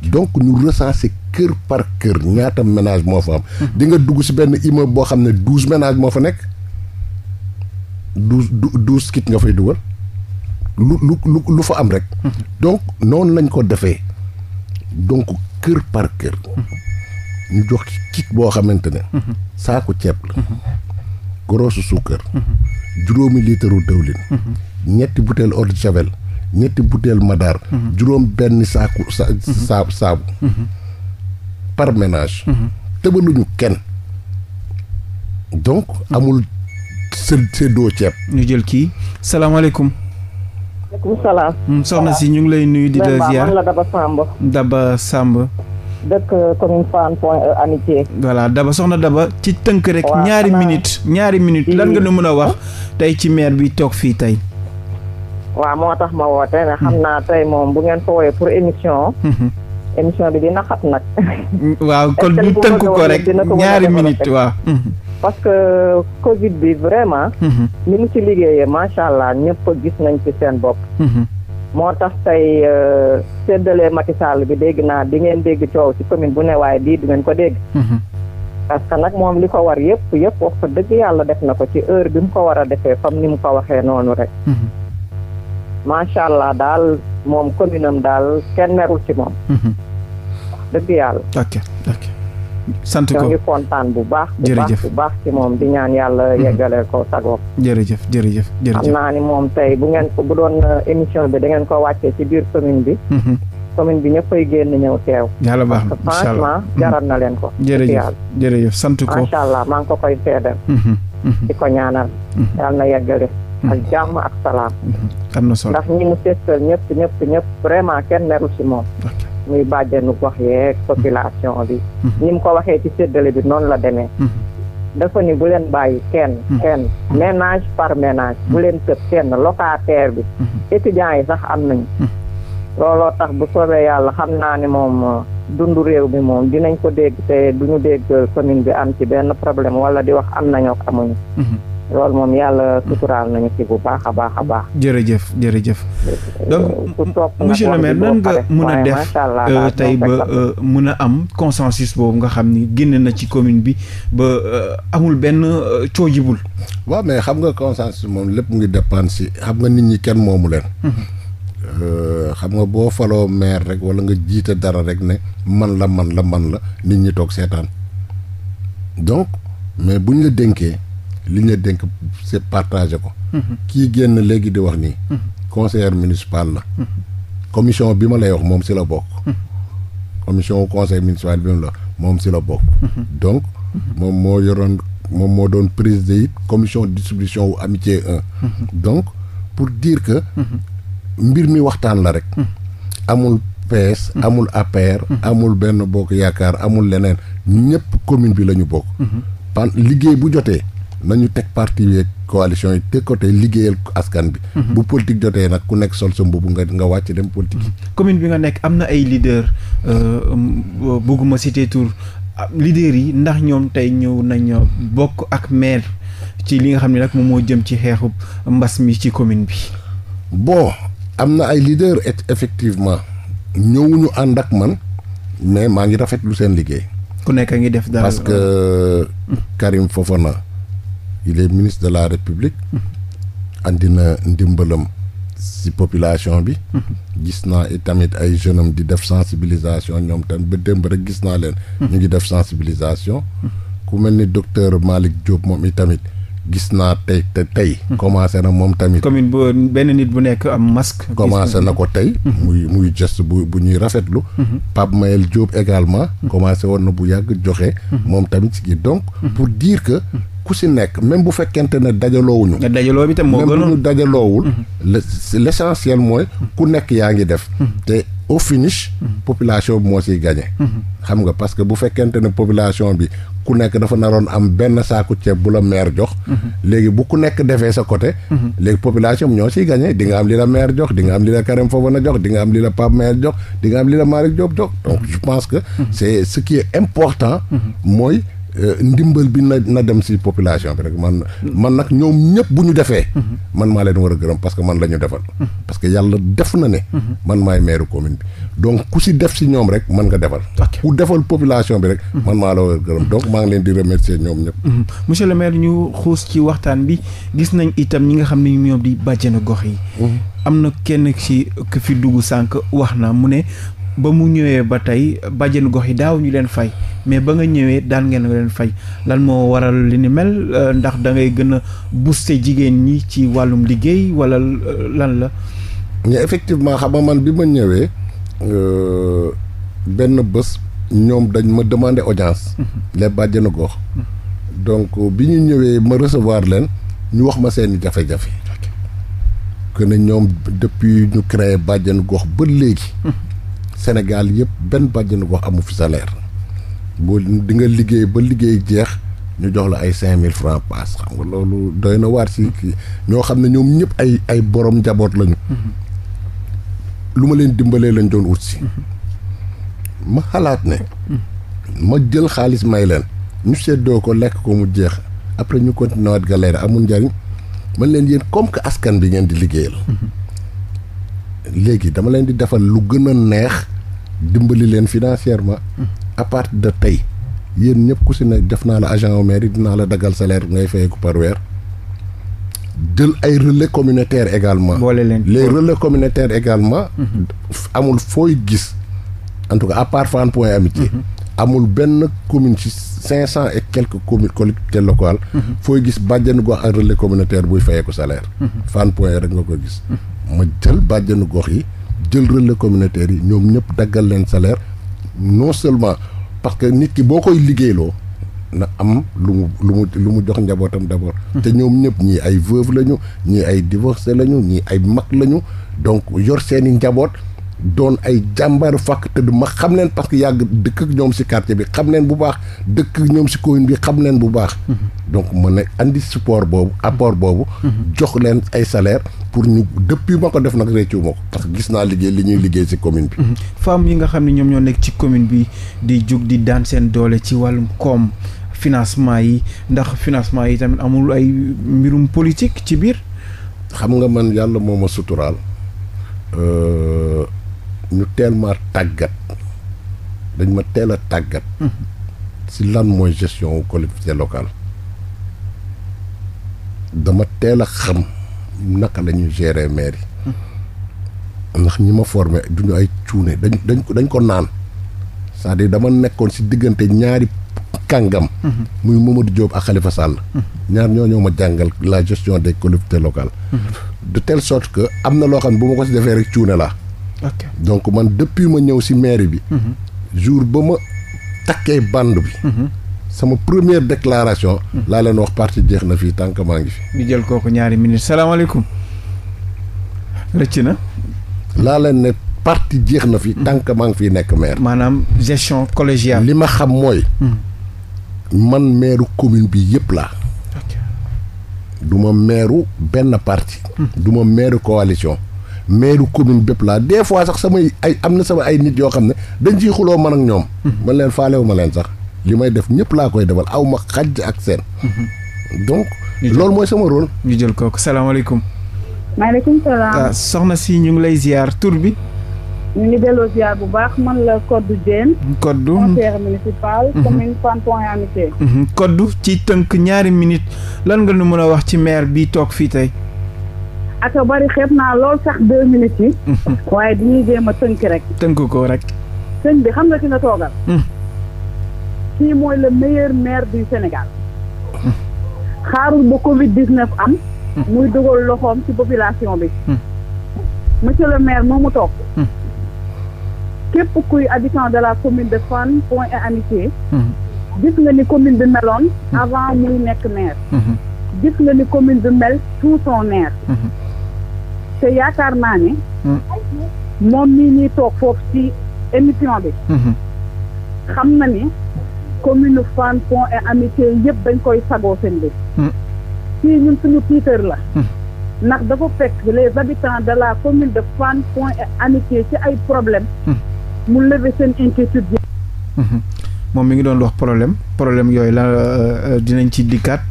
donc ñu recenser kër par kër ñaata menage moo fa am. di nga dugg si benn immeuble boo xam ne douze ménage moo fa nekk douze douze nga fay dugal lu lu am rek. donc noonu lañ ko defee donc kër par kër. ñu jox ki kit boo xamante ne. Mhm. saako ceeb la. Mhm. goroosu suukar. Mhm. juróomi liitaru dëwlin. ñetti butéel eau de javel ñetti butéel madaar. juróom benn saaku sa sa saabu. par tëbaluñu kenn. donc amul së séddoo ceeb. ñu jël kii salaamaaleykum. maaleykum hmm, soxna si ñu ngi lay nuyu di la daba Samba. daba Samba. dëkk commune Fann Point E Amitié. Daba soxna Daba ci tënk rek. ñaari minute ñaari minute lan nga nu mën a wax tey ci maire bi toog fii tey. waaw moo tax ma woote ne xam hmm. naa tey moom bu ngeen ko wooyee pour émission. Hmm. émission bi dina xat nag. Hmm, waaw kon ñu tënk ko rek ñaari minute waaw. parce que Covid bi vraiment. ni mu ci liggéeyee macha allah ñëpp gis nañ ci seen bopp. moo tax tey euh, séddalee Macky Sall bi dégg naa di ngeen dégg coow ci commune bu ne waaye di du ngeen ko dégg. Mhm. parce que nag moom li ko war yëpp yëpp wax ko dëgg yàlla def na ko ci heure bi mu ko war a defee comme ni mu ko waxee noonu rek. Mhm. macha allah daal moom commune daal kenn merul ci moom. Mhm. dëgg yàlla. ok sant ko ñoo ngi kontaan bu baax. jërëjëf bu baax ci moom di ñaan yàlla mm-hmm. yeggale ko sago. jërëjëf jërëjëf jërëjëf. xam naa ni moom tey bu ngeen ko bu doon uh, émission bi da ngeen ko wàccee ci biir commune bi. Mm-hmm. commune bi ñëpp génn ñëw teew. yàlla baax na incha allah jaral na leen ko. Mm-hmm. jërëjëf jërëjëf sant ko macha allah maa ngi ko koy seedal. di ko ñaanal. yàlla na yeggale. ak jàmm ak salaam. am na solo ndax ñi mu seetal ñëpp ñëpp ñëpp vraiment kenn merul ci moom. muy bàjjenu gox yeeg population bi mhm. ni ko waxee ci séddale bi noonu la demee mhm. dafa ni bu leen bàyyi kenn mhm. kenn ménage par ménage bu leen tëb kenn locataire bi étudiants yi sax am nañ looloo tax bu soobee yàlla xam naa ni moom euh, dundu réew mi moom dinañ ko dégg te duñu dégg commune bi am ci benn problème wala di wax am nañoo amuñu loolu moom yàlla suturaal nañu ci bu baax a baax a baax. jërëjëf jërëjëf. donc euh, monsieur le maire nan nga mën a euh, euh, mën a am consensus boobu nga xam ni génne na ci commune bi ba amul benn coojibul. waaw mais xam nga consensus moom lépp mu ngi dépendre si xam nga nit ñi kenn moomu leen. Mm-hmm. xam nga boo faloo maire rek wala nga jiite dara rek ne man la man la man la nit ñi toog seetaan donc mais buñ la dénkee. li ñu dénk c'est partagé ko. Mhm. kii génn léegi di wax nii. Mhm. conseiller municipal la. Mhm. commission bi ma lay wax moom si la bokk. commission wu conseil municipal bi la moom si la bokk. donc moom moo yoroon moom moo doon présider it commission distribution wu amitié 1. donc pour dire que. mbir mi waxtaan la rek. amul PS. amul APR. amul benn bokk yaakaar amul leneen ñëpp commune bi la ñu bokk. pan liggéey bu jotee. nañu teg parti yeeg coalition yi te côté liggéeyal askan bi. Mhm. bu politique jotee nag ku nekk sol sa mbubu nga nga wàcc dem politique. Mhm. commune bi nga nekk am na ay leader euh, bëgguma citer tour ah, leader yi ndax ñoom tey ñëw nañ bokk ak maire ci li nga xam ne nag moom moo jëm ci xeexu mbas mi ci commune bi. bon am na ay leader et effectivement ñëwuñu ànd ak man mais maa ngi rafet lu seen liggéey. ku nekk ngi def dara parce que mhm. Karim Fofana il est ministre de la république andina na ndimbalam si population bi gis naa tamit ay jeunes am di def sensibilisation ñoom tamit ba démb rek gis naa leen ñu ngi def sensibilisation ku mel ni docteur Malick Diop moom i tamit gis naa tey te tey commencé na moom tamit commune bu benn nit bu nekk am masque commencé na ko tey muy muy geste bu bu ñuy rafetlu Pape Mayel Diop également commencé woon na bu yàgg joxe moom tamit si donc pour ku si nekk même bu fekkente ne dajaloowuñu dajaloo bi tam moo gënoon même bu ñu dajaloowul mhm. l' essentiel mooy ku nekk yaa ngi def mhm. te au finish mhm. population bi moo siy gagné xam nga parce que bu fekkente ne population bi ku nekk dafa naroon am benn saaku ceeb bu la meer jox léegi bu ku nekk defee sa côté léegi population bi ñoo siy gagné di nga am li la maire jox di nga am li la Karim Fofana jox di nga am li la Pape Maire jox di nga am li la Malick Diop jox donc je pense que c' est ce qui mooy Euh, ndimbal bi na na dem si population bi rek man man nag ñoom ñëpp bu ñu defee mm-hmm. man maa leen war a gërëm parce que man la ñu defal mm-hmm. parce que yàlla def na ne mm-hmm. man maay maire commune bi donc ku si def si ñoom rek man nga defal ku defal population bi rek man maa la war a gërëm donc maa ngi leen di remercier ñoom ñëpp monsieur le maire ñu xuus ci waxtaan bi gis nañ itam ñi nga xam ne ñoom di bàjjenu gox yi am na kenn ci fi dugg sànq wax na mu ne ba mu ñëwee ba tey bàjjenu gox yi daawuñu leen fay mais ba nga ñëwee daan ngeen leen fay lan moo waral li ni mel euh, ndax dangay ngay gën a booster jigéen ñi ci wàllum liggéey wala euh, lan la. mais effectivement xam man bi ma ñëwee euh, benn bés ñoom dañ ma demander audience. Mhm. les bàjjenu gox. Mhm. donc bi ñu ñëwee ma recevoir leen ñu wax ma seeni jafe-jafe. kën ne ñoom depuis ñu créé bàjjenu gox ba léegi. Mhm. Sénégal yëpp benn bàjjenu gox amu fi salaire boo di nga liggéey ba liggéey jeex ñu jox la ay cinq mille francs paas xam nga loolu doy na waar si kii ñoo xam ne ñoom ñëpp ay ay borom njaboot lañu. Mm-hmm. lu ma leen dimbalee lañ doon wut si. Mm-hmm. ma xalaat ne. Mm-hmm. ma jël xaalis may leen. ñu seddoo ko lekk ko mu jeex après ñu continué waat galère amul njariñ mën leen yéen comme que askan bi ngeen di liggéeyal. léegi dama leen di defal lu gën a neex dimbali leen financièrement. Hmm. à partir de tey yéen ñëpp ku si ne def naa la agent au maire dinaa la dagal salaire ngay fayeeku par weer. jël ay relais communautaires également. boole leen les relais communautaires également. Hmm. amul fooy gis en tout à part Fann Point hmm. amul benn commune ci cinq cent et quelque communes collectivités locales. fooy gis bàjjenu gox ak relais communautaire buy fayeeku salaire. Fann Point rek nga ko gis. ma jël bàjjenu gox yi jël relais communautaire yi ñoom ñëpp daggal leen salaire non seulement parce que nit ki boo koy liggéeyloo na am lu mu lu mu lu mu jox njabootam d'abord. Hmm. te ñoom ñëpp ñii ay veuve lañu ñii ay divorcé lañu ñii ay mag lañu donc yor seeni njaboot. doon ay jàmbaar fàkk tëdd ma xam leen parce que yàgg dëkk ak ñoom si quartier bi xam neen bu baax dëkk ak ñoom si commune bi xam neen bu baax. Mhm. donc mën indi si support boobu apport boobu. Mhm. jox leen ay salaire pour ñu depuis ma ko def nag réccu ma ko parce que gis naa liggéey li ñuy liggéey ci commune bi. Mhm. femmes yi nga xam ne ñoom ñoo nekk ci commune bi di jóg di daan seen doole ci wàllum koom financement yi ndax financement yi tamit amul ay mbirum politique ci biir. xam nga man yàlla moo ma ñu teel ma tàggat dañ ma teel a tàggat hmm. si lan mooy gestion collectivité locale dama teel a xam naka la ñuy gérer mairie hmm. ndax ñi ma du duñu ay cuune dañ dañ ko dañ ko naan cest à dama nekkoon si diggante ñaari kàngam hmm. muy Mamadou Diop ak xalifa Sall ñaar ñoo ñoo ma jàngal la gestion des collectivités locales de telle sorte que am na loo xam ne bu ma ko si defee rek cuune la donc man depuis ma ñëw si mairie bi. Mhm. jour ba ma takkee bande bi. Mhm. sama première déclaration. Mhm. laa leen wax parti jeex na fii tànk maa ngi fi. ñu jël kooku ñaari minutes salaamaaleykum. na. laa parti jeex na fi. tànk maa ngi fiy nekk maire. maanaam gestion collégiale. li ma xam mooy. man maire commune bi yëpp laa. du ma benn parti. du ma maire maire commune bépp laa des fois sax samay ay am na sama ay nit yoo xam ne dañ ciy xuloo man ak ñoom. Mhm. man leen faalewu ma leen sax li may def ñëpp laa koy defal aw ma xaj ak seen. Mhm. donc loolu mooy sama rôle. ñu jël kooku salaamaaleykum. maaleykum salaam. Ah, soxna si ñu ngi lay ziar tur bi. ñu ngi delloo ziar bu baax man la Codou Diène. koddu conseillère municipal. Mhm. commune Fann ci tënk ñaari minute lan nga nu mën a wax ci maire bi toog fii tey. aka bari xeeb naa lool sax deux minutes yi. (laughs) waaye dañuy jéem a tënk rek. tënk ko rek. sëñ bi xam nga ci nga toogal. Hmm. kii mooy le meilleur maire du Sénégal. Hmm. xaarul ba Covid 19 am. Hmm. muy dugal loxoom ci population bi. monsieur le maire moomu toog. képp kuy habitant de la commune de Fann Point et Amitié. gis nga ni commune bi meloon. avant muy nekk maire. gis nga ni commune bi mel tout son te yaakaar naa ni hmm. moom mii ñuy toog foofu ci émission bi. Hmm. xam na ni commune Fann Point et Amitié yëpp dañ koy sagoo seen bi hmm. fii ñun suñu tiitër la. ndax dafa fekk les habitants de la commune de Fann Point et ci ay problème mu lever seen inquiétude yi. moom mi ngi doon wax problème problème yooyu la euh, euh, dinañ ci dikkaat.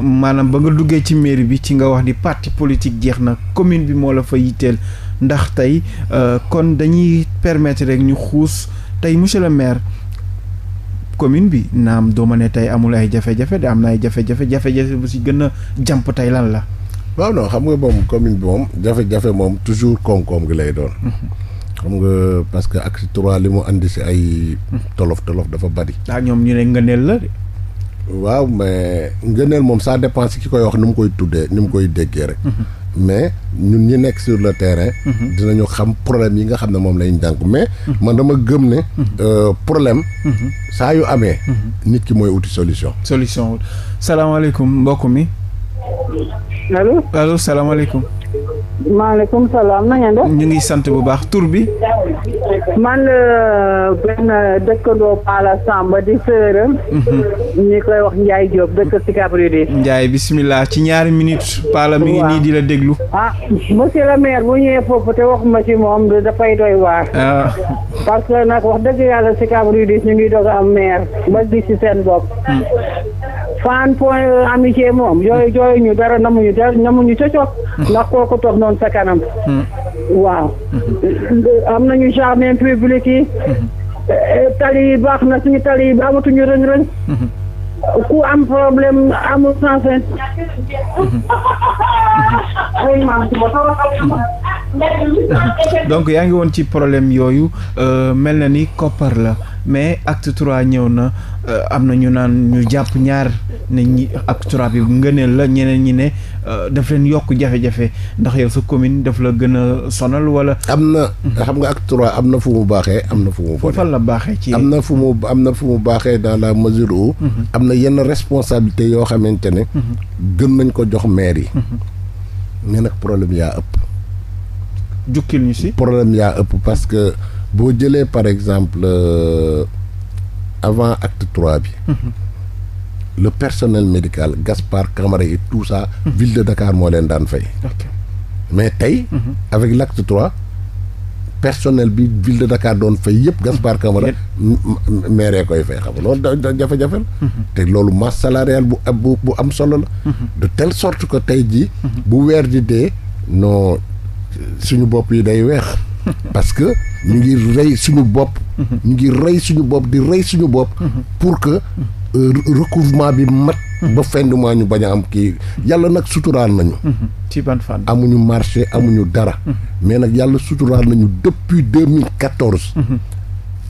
maanaam ba nga duggee ci maire bi ci nga wax ni parti politique jeex na commune bi moo la fa yitteel ndax tey euh, kon dañuy permettre rek ñu xuus tey monsieur le maire commune bi naam doo ma ne tey amul ay jafe-jafe am na ay jafe-jafe jafe bu si gën a jàmp tey lan la. waaw non xam nga moom commune bi moom jafe-jafe moom toujours koom-koom gi lay doon. Mhm. xam nga parce que acte trois li mu indi si ay. Mhm. tolof tolof dafa bari. ah ñoom ñu ne ngëneel la waaw mais ngëneel moom ça dépend ki koy wax nu mu koy tuddee ni mu koy déggee rek. Mhm. mais ñun ñu nekk sur le terrain. Mhm. dinañu xam problème yi nga xam ne moom lañ jànk mais. Mhm. man dama gëm ne. Euh, problème. saa yu amee. nit ki mooy uti solution. solution salaamaaleykum mbokk mi. allo allo salaamaaleykum. maaleykum salaam na ngeen ñu ngi sant bu baax tur bi. man la euh, benn dëkkandoo Pala Samba di sërëm. Mhm. ñu koy wax Ndiaye Diop dëkk si Cabrini. Ndiaye bisimilah ci ñaari minutes. Pala mi ngi nii di la déglu. ah monsieur le bu ñëwee foofu te wax ma ci moom dafay doy waar. Ah. parce que nag wax dëgg yàlla si Cabrini ñu ngi doog am maire ba gis ci seen bopp. Hmm. fan point euh, amitié moom yooyu jooyu ñu dara namuñu dara namuñu cocok. Hmm. ndax kooku toog noonu. jëmoon sa kanam. waaw. am nañu jardin public tali baax na suñu tali yi amatuñu rëng-rëng. ku am problème amul sans fin. donc yaa ngi woon ci problème yooyu mel na ni koppar la. mais acte trois ñëw na euh, am na ñu naan ñu jàpp ñaar ne ñi acte trois bi ngëneel la ñeneen ñi ne euh, daf leen yokk jafe-jafe ndax yow sa commune daf la gën a sonal wala. am na mhm. xam nga acte trois am na fu mu baaxee am na fu mu. bonee fan ci. am na fu mu am na fu mu baaxee dans la mesure où. Mhm. am na yenn responsabilité yoo xamante ne. Mhm. gën nañ ko jox mair yi. mais nag problème yaa ëpp. jukkil ñu si. problème yaa ëpp parce que. boo jëlee par exemple euh, avant acte trois bi. Mhm. le personnel médical gaspar Camara et tout mhm. ville de Dakar moo leen daan fay. mais tey. Mmh. avec l' trois personnel bi ville de Dakar doon fay yëpp mhm. Gaspard Camara. maire koy fay xam loolu da jafe-jafe te loolu masse salariale bu bu am solo la. de telle sorte que tey jii. bu weer di dee non suñu bopp yi day weex. parce que ñu ngi rey suñu bopp. ñu ngi rey suñu bopp di rey suñu bopp. pour que euh, recouvrement bi mat. ba fin du ñu bañ a am kii yàlla nag suturaal nañu. ci ban fan. amuñu marché amuñu dara. mais nag yàlla suturaal nañu depuis 2014.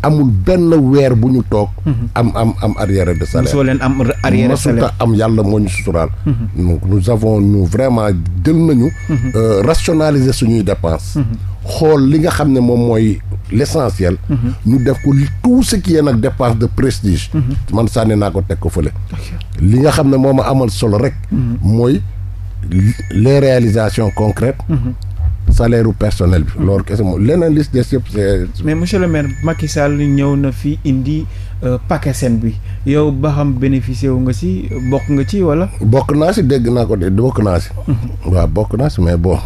amul benn weer bu ñu toog. Mhm. am am am arriéré de salaire. soo am arriéré de am yàlla moo ñu suturaal. donc mhm. nous avons nous vraiment jël nañu. Mhm. Euh, rationaliser suñuy dépense. xool li nga xam ne moom mooy l'essentiel. ñu def ko tout ce qui est nag dépense de prestige. man sànni naa ko teg ko fële. li nga xam ne moo a amal solo rek. mooy les réalisations concrètes. salaire u personnel bi. loolu kese moom leneen li des yëpp c'est. mais monsieur le maire Macky Sall ñëw na fi indi euh, paquet bi yow ba xam bénéficié wu nga si bokk nga ci wala. bokk naa si dégg naa ko de bokk naa si. waa bokk naa si mais bon.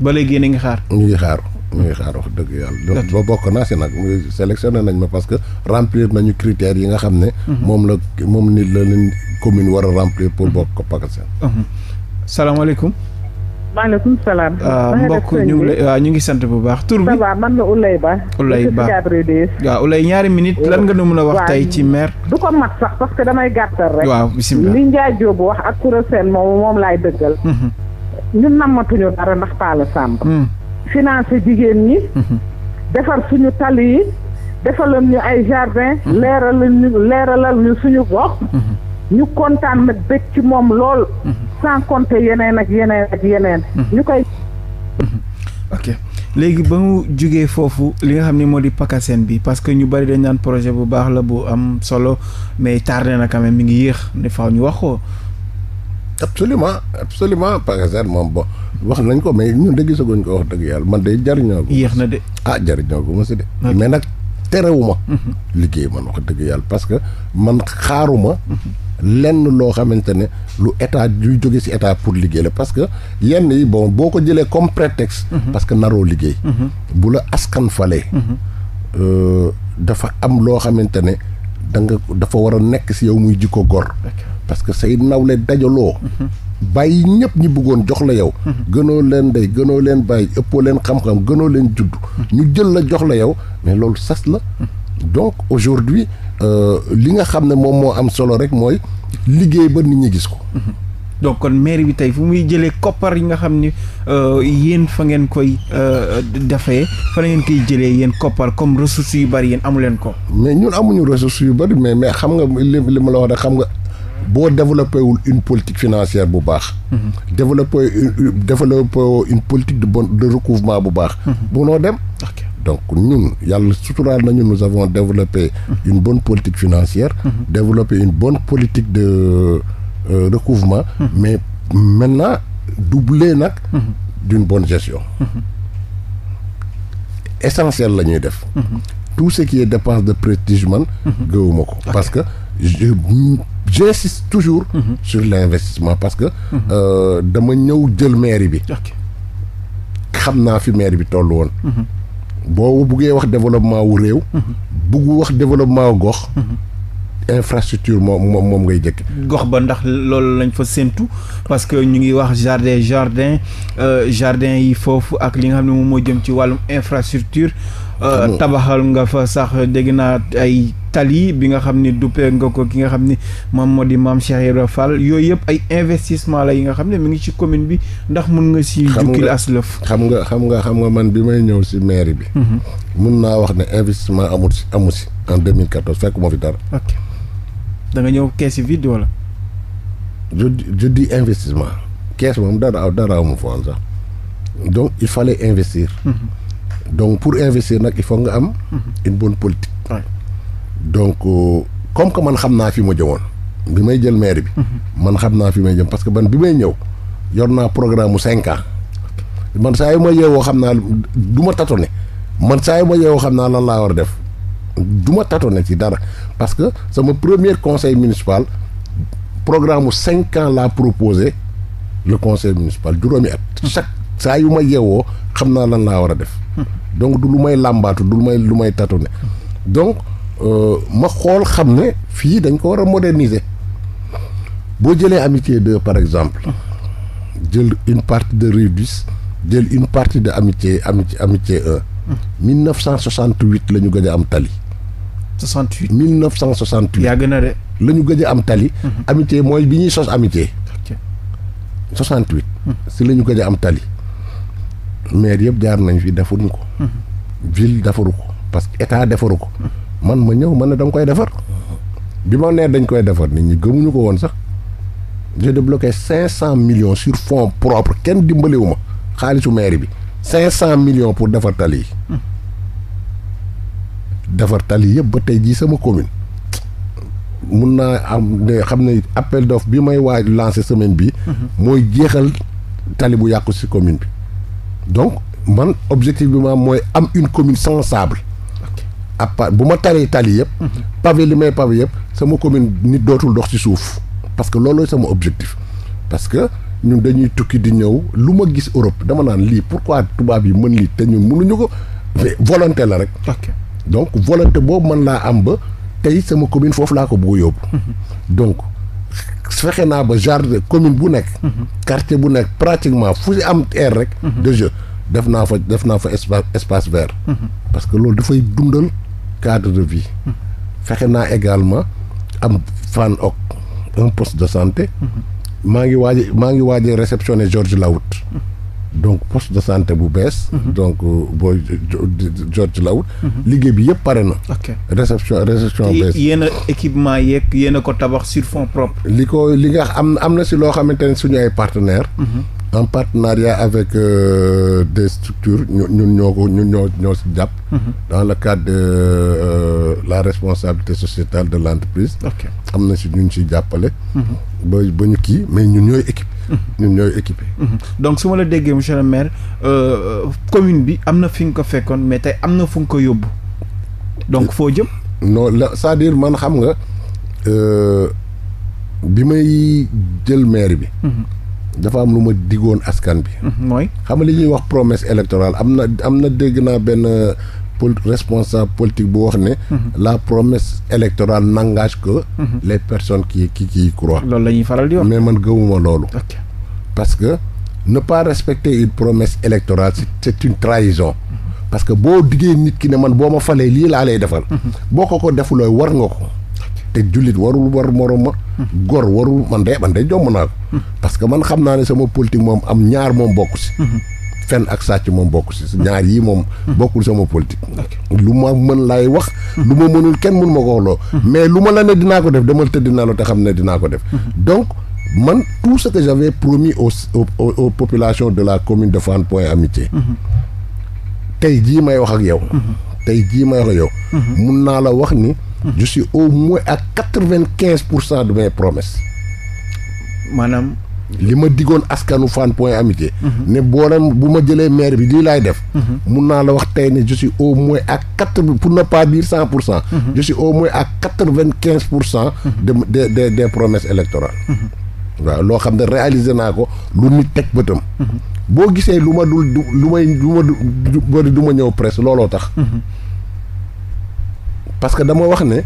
ba léegi yéen a ngi xaar. ñu ngi xaar ñu ngi xaar dëgg yàlla. ba bokk naa si nag sélectionné nañ ma parce que remplir nañu critères yi nga xam ne. moom la moom nit la leen commune war a remplir pour bokk ko paquet seen. salaamaaleykum. maaleykum salaam. Ah, mbokk ñu ngi lay ah, ñu ngi sant bu baax tur bi. ça man la Oulay Ba. Oulay Ba waaw Oulay ñaari minute eh, lan nga nu mën a wax tey ci maire. du ko mat sax parce que damay gàttal rek. waaw bisimilah li Ndiaye Diop wax ak kuréel seen moom moom laay dëggal. Mm-hmm. ñun namatuñu dara ndax Palla Samb. Mm. financer jigéen ñi. Mm-hmm. defar suñu tali yi. defaloon ñu ay jardin. Mm-hmm. leeralal ñu leeralal ñu suñu gox. ñu kontaan nag bëgg ci moom lool. sans compter yeneen ak yeneen ak yeneen. ñu koy. ok léegi ba mu jugee foofu li nga xam ne moo di PACASEN bi parce que ñu bari dañ naan projet bu baax la bu am solo mais tardé na quand même mi ngi yéex ne ñu wax ko. absolument absolument PACASEN moom bon wax nañ ko mais ñun ko wax dëgg yàlla man de jariñoo ko. yéex na de ah jariñoo ma si de. mais nag terewuma. Mhm. liggéey man wax dëgg yàlla parce que man xaaruma. Mhm. lenn loo xamante ne lu état luy jóge ci état pour liggéey la parce que yenn yi bon boo ko jëlee comme prétexte. Mhm. parce que naroo liggéey. Mhm. bu la askan mhm. euh, dafa am loo xamante ne da nga dafa war a nekk ci yow muy jikko gor. parce que say nawle dajaloo. bàyyi ñëpp ñi bëggoon jox la yow. gënoo leen ndey gënoo leen bàyyi ëppoo leen xam-xam gënoo leen judd. ñu jël la jox la yow mais loolu sas la. donc aujourd'hui Euh, li nga xam ne moom moo am solo rek mooy liggéey ba nit ñi gis ko. Mm-hmm. donc kon mairie bi tey fu muy jëlee koppar yi nga xam ni euh, yéen fa ngeen koy euh, defee fa ngeen koy jëlee yéen koppar comme ressources yu bari yéen amu leen ko. mais ñun amuñu ressources yu bari mais mais xam nga li ma la wax rek xam nga boo développé wul une politique financière bu baax. Mm-hmm. développé développé une politique de bon de recouvrement bu baax. Mm-hmm. bu noo dem. donc ñun yàlla suturaal nañu nous avons développé une bonne politique financière mhm. développé une bonne politique de euh, recouvrement mhm. mais maintenant doublé nag mhm. une bonne gestion essentiel la ñuy def tout ce qui est dépense de prestige man gëwuma ko parce que je toujours sur l'investissement parce que euh, dama ñëw jël mairie bi xam naa fi mairie bi toll woon boo buggee wax développement wu réew. buggu wax développement wu gox. infrastructure moom moom moom ngay jëkk gox ba ndax loolu lañ fa séntu parce que ñu ngi wax jardin jardin euh, jardin yi foofu ak li nga xam ne moom moo jëm ci wàllum infrastructure. Euh, tabaxal nga fa sax dégg naa ay tali bi nga xam ni duppee nga ko ki nga xam ni mam moo di maam Cheikh Ibra Fall yooyu yëpp ay investissement la yi nga xam ne mu ngi ci commune bi ndax mun nga si jukkil aslëf xam nga xam nga xam nga man bi may ñëw si mairie bi mhm. mun naa wax ne investissement amul si amul si en 2014 fekk moo fi dara ok da nga ñëw kees yi vide wala je je dis investissement kees moom dara aw dara aw mu foon sax donc il fallait investir mhm. donc pour investir nag il faut nga am. Mhm. une bonne politique. Ouais. donc euh, comme que man xam naa fi ma jëmoon bi may jël maire bi. Mhm. man xam naa fi may jëm parce que ban bi may ñëw yor naa programme mu cinq man saa yu ma yeewoo xam naa du ma tato ne man saa yu ma yeewoo xam naa lan laa war a def du ma ne ci dara parce que sama premier conseil municipal programme mu cinq ans laa proposé le conseil municipal juróomi at. Mhm. chaque saa yu ma yeewoo xam naa lan laa war a def. donc du lu may làmbaatu du lu may lu may tâtonner donc euh, ma xool xam ne fii dañ ko war a moderniser boo jëlee amitié 2 par exemple jël une partie de Rive 10 jël une partie de amitié amitié amitié 1. 1968 la ñu gëj a am tali. 68 1968. yàgg na la ñu gëj a am tali. Mhm. amité mooy bi ñuy sos amité 68. si la ñu gëj a am tali. maire yëpp jaar nañ fi defuñu ko. Mhm. ville defaru ko parce que état defaru ko. man ma ñëw man ne dama koy defar. bi ma nee dañ koy defar nit ñi gëmuñu ko woon sax j'ai cinq cent millions sur fonds propres kenn dimbaliwu ma xaalisu maire bi cinq cent millions pour defar tali yi. Mhm. defar tali yëpp ba tey jii sama commune. mun naa am xam ne appel d'offre bi may waaj lancé semaine bi mhm. mooy jeexal tali bu yàqu si commune bi. donc man objectif bi ma mooy am une commune sans sable. à bu ma taree tali yëpp. Mhm. pavé li may pavé yëpp sama commune nit dootul dox ci suuf parce que loolu sama objectif parce que. ñun dañuy tukki di ñëw lu ma gis Europe dama naan lii pourquoi tubaab yi mën lii te ñu mënuñu ko mais la rek. ok donc volonté boobu mën laa am ba tey sama commune foofu laa ko bëgg a yóbbu. Mhm. donc fexe naa ba jardin commune bu nekk. Mhm. quartier bu nekk pratiquement fu si am air rek. Mhm. de jeu def naa fa def naa fa espace espace vert. Mhm. parce que loolu dafay dundal cadre de vie. fexe naa également am fan ok un poste de santé. maa ngi waaj maa ngi waaj réceptionné Georges Laout. donc poste de santé bu bees. Mhm. donc boo jot ci lawut. Mhm. liggéey bi yëpp pare na. ok réception réception bees. yéen équipement yeeg yéen ko tabax sur fond propre. li ko li nga am am na si loo xamante ne suñu ay partenaires. Mhm. en partenariat avec euh, des structures ñun ñoo ko ñun ñoo si jàpp. dans le cadre de euh, la responsabilité sociétale de l' entreprise. am na si ñu si jàppale. ba ba ñu kii mais ñun ñooy équipe. ñun ñooy équipé. Mhm. donc su ma la déggee monsieur le maire euh, euh, commune bi am na fi nga ko fekkoon mais tey am na fu nga ko yóbbu donc euh, foo jëm. non la cest à man xam nga bi may jël maire bi. Mhm. dafa am lu ma diggoon askan bi. Mhm, mooy xam nga li ñuy wax promesse électorale am na am na dégg naa benn. pol responsable politique bu wax ne. Mhm. la promesse électorale n'engage que. Mhm. les personne qui kii qui y croient. la ñuy faral di wax mais man gëmuma loolu. parce que ne pas respecter une promesse électorale c'est une trahison. Mhm. parce que boo diggee nit ki ne man boo ma falee lii laa lay defal. boo ko ko defulooy war nga ko. te jullit warul war morom ma. gor warul man de man de jomm naa ko. parce que man xam naa ne sama politique moom am ñaar moom bokk si. fenn ak sàcc moom bokk si ñaar yii moom bokkul sama politique lu ma mën laay wax lu ma mënul kenn mënu ma ko wax loo mais lu ma la ne dinaa ko def demal tëdd naa la te xam ne dinaa ko def donc man tout ce que j'avais promis aux, aux, de la commune de Fann Point Amitié tey jii may wax ak yow tey jii may wax ak yow mun naa la wax ni je suis au ak à quatre-vingt-quinze pour cent de mes promesses li ma digoon askanu Fann Point Amitié. Mhm. ne boolem bu ma jëlee maire bi lii laay def. Mhm. mun naa la wax tey ne je suis au moins ak quatre pour na pas dire cent pour cent. Mhm. je suis au moins quatre vingt quinze pour cent. de de des des promesses waaw loo xam ne réalise naa ko lu nit teg bëtam. boo gisee lu ma dul du lu may lu ma du bëri du ma ñëw presse looloo tax. parce que dama wax ne.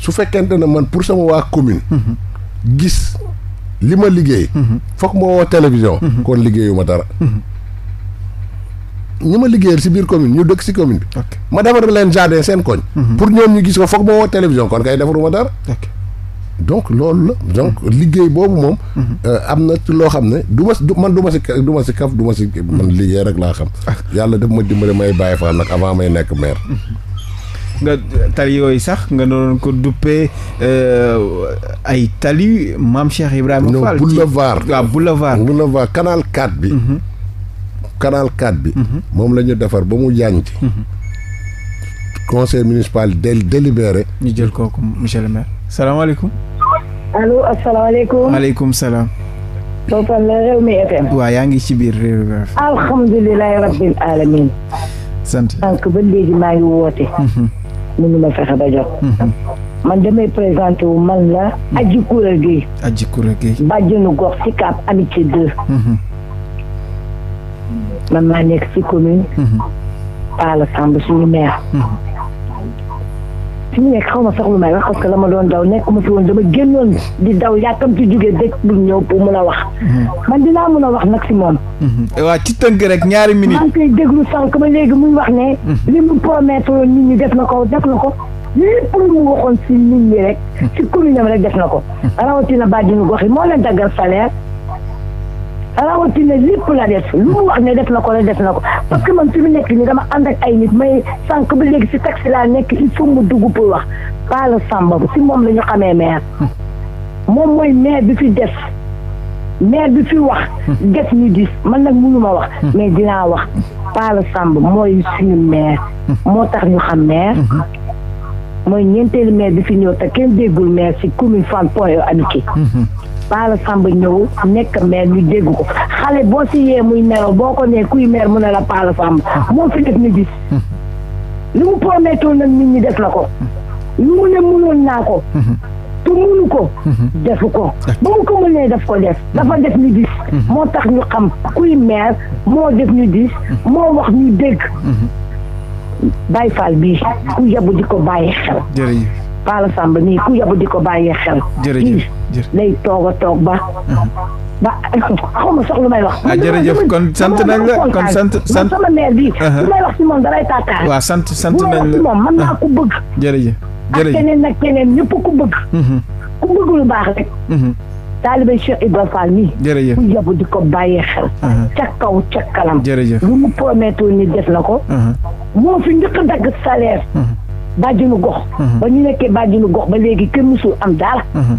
su fekkente ne man pour sama waa commune. gis li ma liggéey. Mhm. foog moo woo télévision. Mhm. kon liggéeyuma dara. Mhm. ñu ma liggéeyal si biir commune ñu dëkk si commune bi. ma defar leen jardin seen koñ. pour ñoom ñu gis ko foog moo woo télévision kon kay defaruma dara. donc loolu la donc liggéey boobu moom. Euh, am na ci loo xam ne du ma man du ma si du ma si kaf du ma si. man liggéey rek laa xam. yàlla daf ma dimbale may bàyyi fa nag avant may nekk maire. nga tali yooyu sax nga doon ko duppee euh, ay tali maam Cheikh Ibrahima Fall. boulevard waaw boulevard. boulevard canal 4 bi. Mhm. canal 4 bi. Mhm. moom la defar ba mu yànji. Mhm. conseil municipal del délibéré. ñu jël kooku monsieur le maire. salaamaaleykum. allo mi FM. waaw yaa ngi ci biir réew mi. alhamdulilah rabbil alamin sant. sànq ba maa ngi woote. mënuma fexe ba jot. Mhm. man damay présenté wu man la. aji kuréel gi. aji kuréel gi. bàjjenu gox ci Kaap Amitié 2. Mhm. man maa nekk ci commune. Mhm. Pala Samb suñu maire. si mu nekk xaw ma sax lu may wax parce que la ma doon daw nekkuma fi woon dama génnoon di daw yàkkam ci jógee dëkk bu ñëw pour mun a wax. Mhm. man di dinaa mun a wax nag si moom. Mhm. waa ci tënk rek ñaari mi maa koy déglu sànq ba léegi muy wax ne. Mhm. li mu promettre woon nit ñi def na ko def na ko. lépp lu mu waxoon si nit ñi rek. si commune am rek def na ko. na rawatina bàjjenu gox yi moo leen daggal salaire. rawatina lépp la def lu wax ne def na ko la def na ko parce man fi mu nekk nii dama ànd ak ay nit may sànq ba léegi si taxi laa nekk il faut mu dugg pour wax Pala Samba si moom la ñu xamee maire moom mooy maire bi fi def maire bi fi wax def ñu gis man nag mënuma wax mais dinaa wax Pala Samba mooy suñu maire moo tax ñu xam maire mooy ñeenteelu meer bi fi ñëw te kenn déggul maire si commune Fann Point E Amitié Bala Samba ñëw nekk maire ñu dégg ko xale boo si yee muy nelaw boo ko nee kuy maire mu ne la Bala Samba moo fi def ni gis (laughs) li mu promettoon nag nit def la ko lu mu ne mënoon naa ko (laughs) te mënu ko (laughs) def ko ba mu ko mënee daf ko def dafa def ñu gis moo tax ñu xam kuy maire moo def ñu gis moo wax ñu dégg Baye Fall bii ku yabu di ko bàyyi xel Pala Samba nii ku yabu di ko bàyyee xel. jërëjëf lay toog a toog ba. ba xaw ma soxla may wax. ah jërëjëf kon sant nañ la kon sant sant sama mère bi. lu may wax si moom dalay tàkkaar. waaw sant sant nañ la moom man naa ko bëgg. jërëjëf jërëjëf ak keneen nag keneen ñëpp ku bëgg. ku bëgg lu baax rek. taalibe Cheikh Ibrahima Fall nii. jërëjëf ku yabu ko bàyyee xel. ca kaw ca kalam. jërëjëf lu mu promettoon ni def na ko. moo fi njëkk dagg salaire. bàjjenu gox. Mhm. ba ñu nekkee bàjjenu gox ba léegi kenn mësul am dara. Mhm.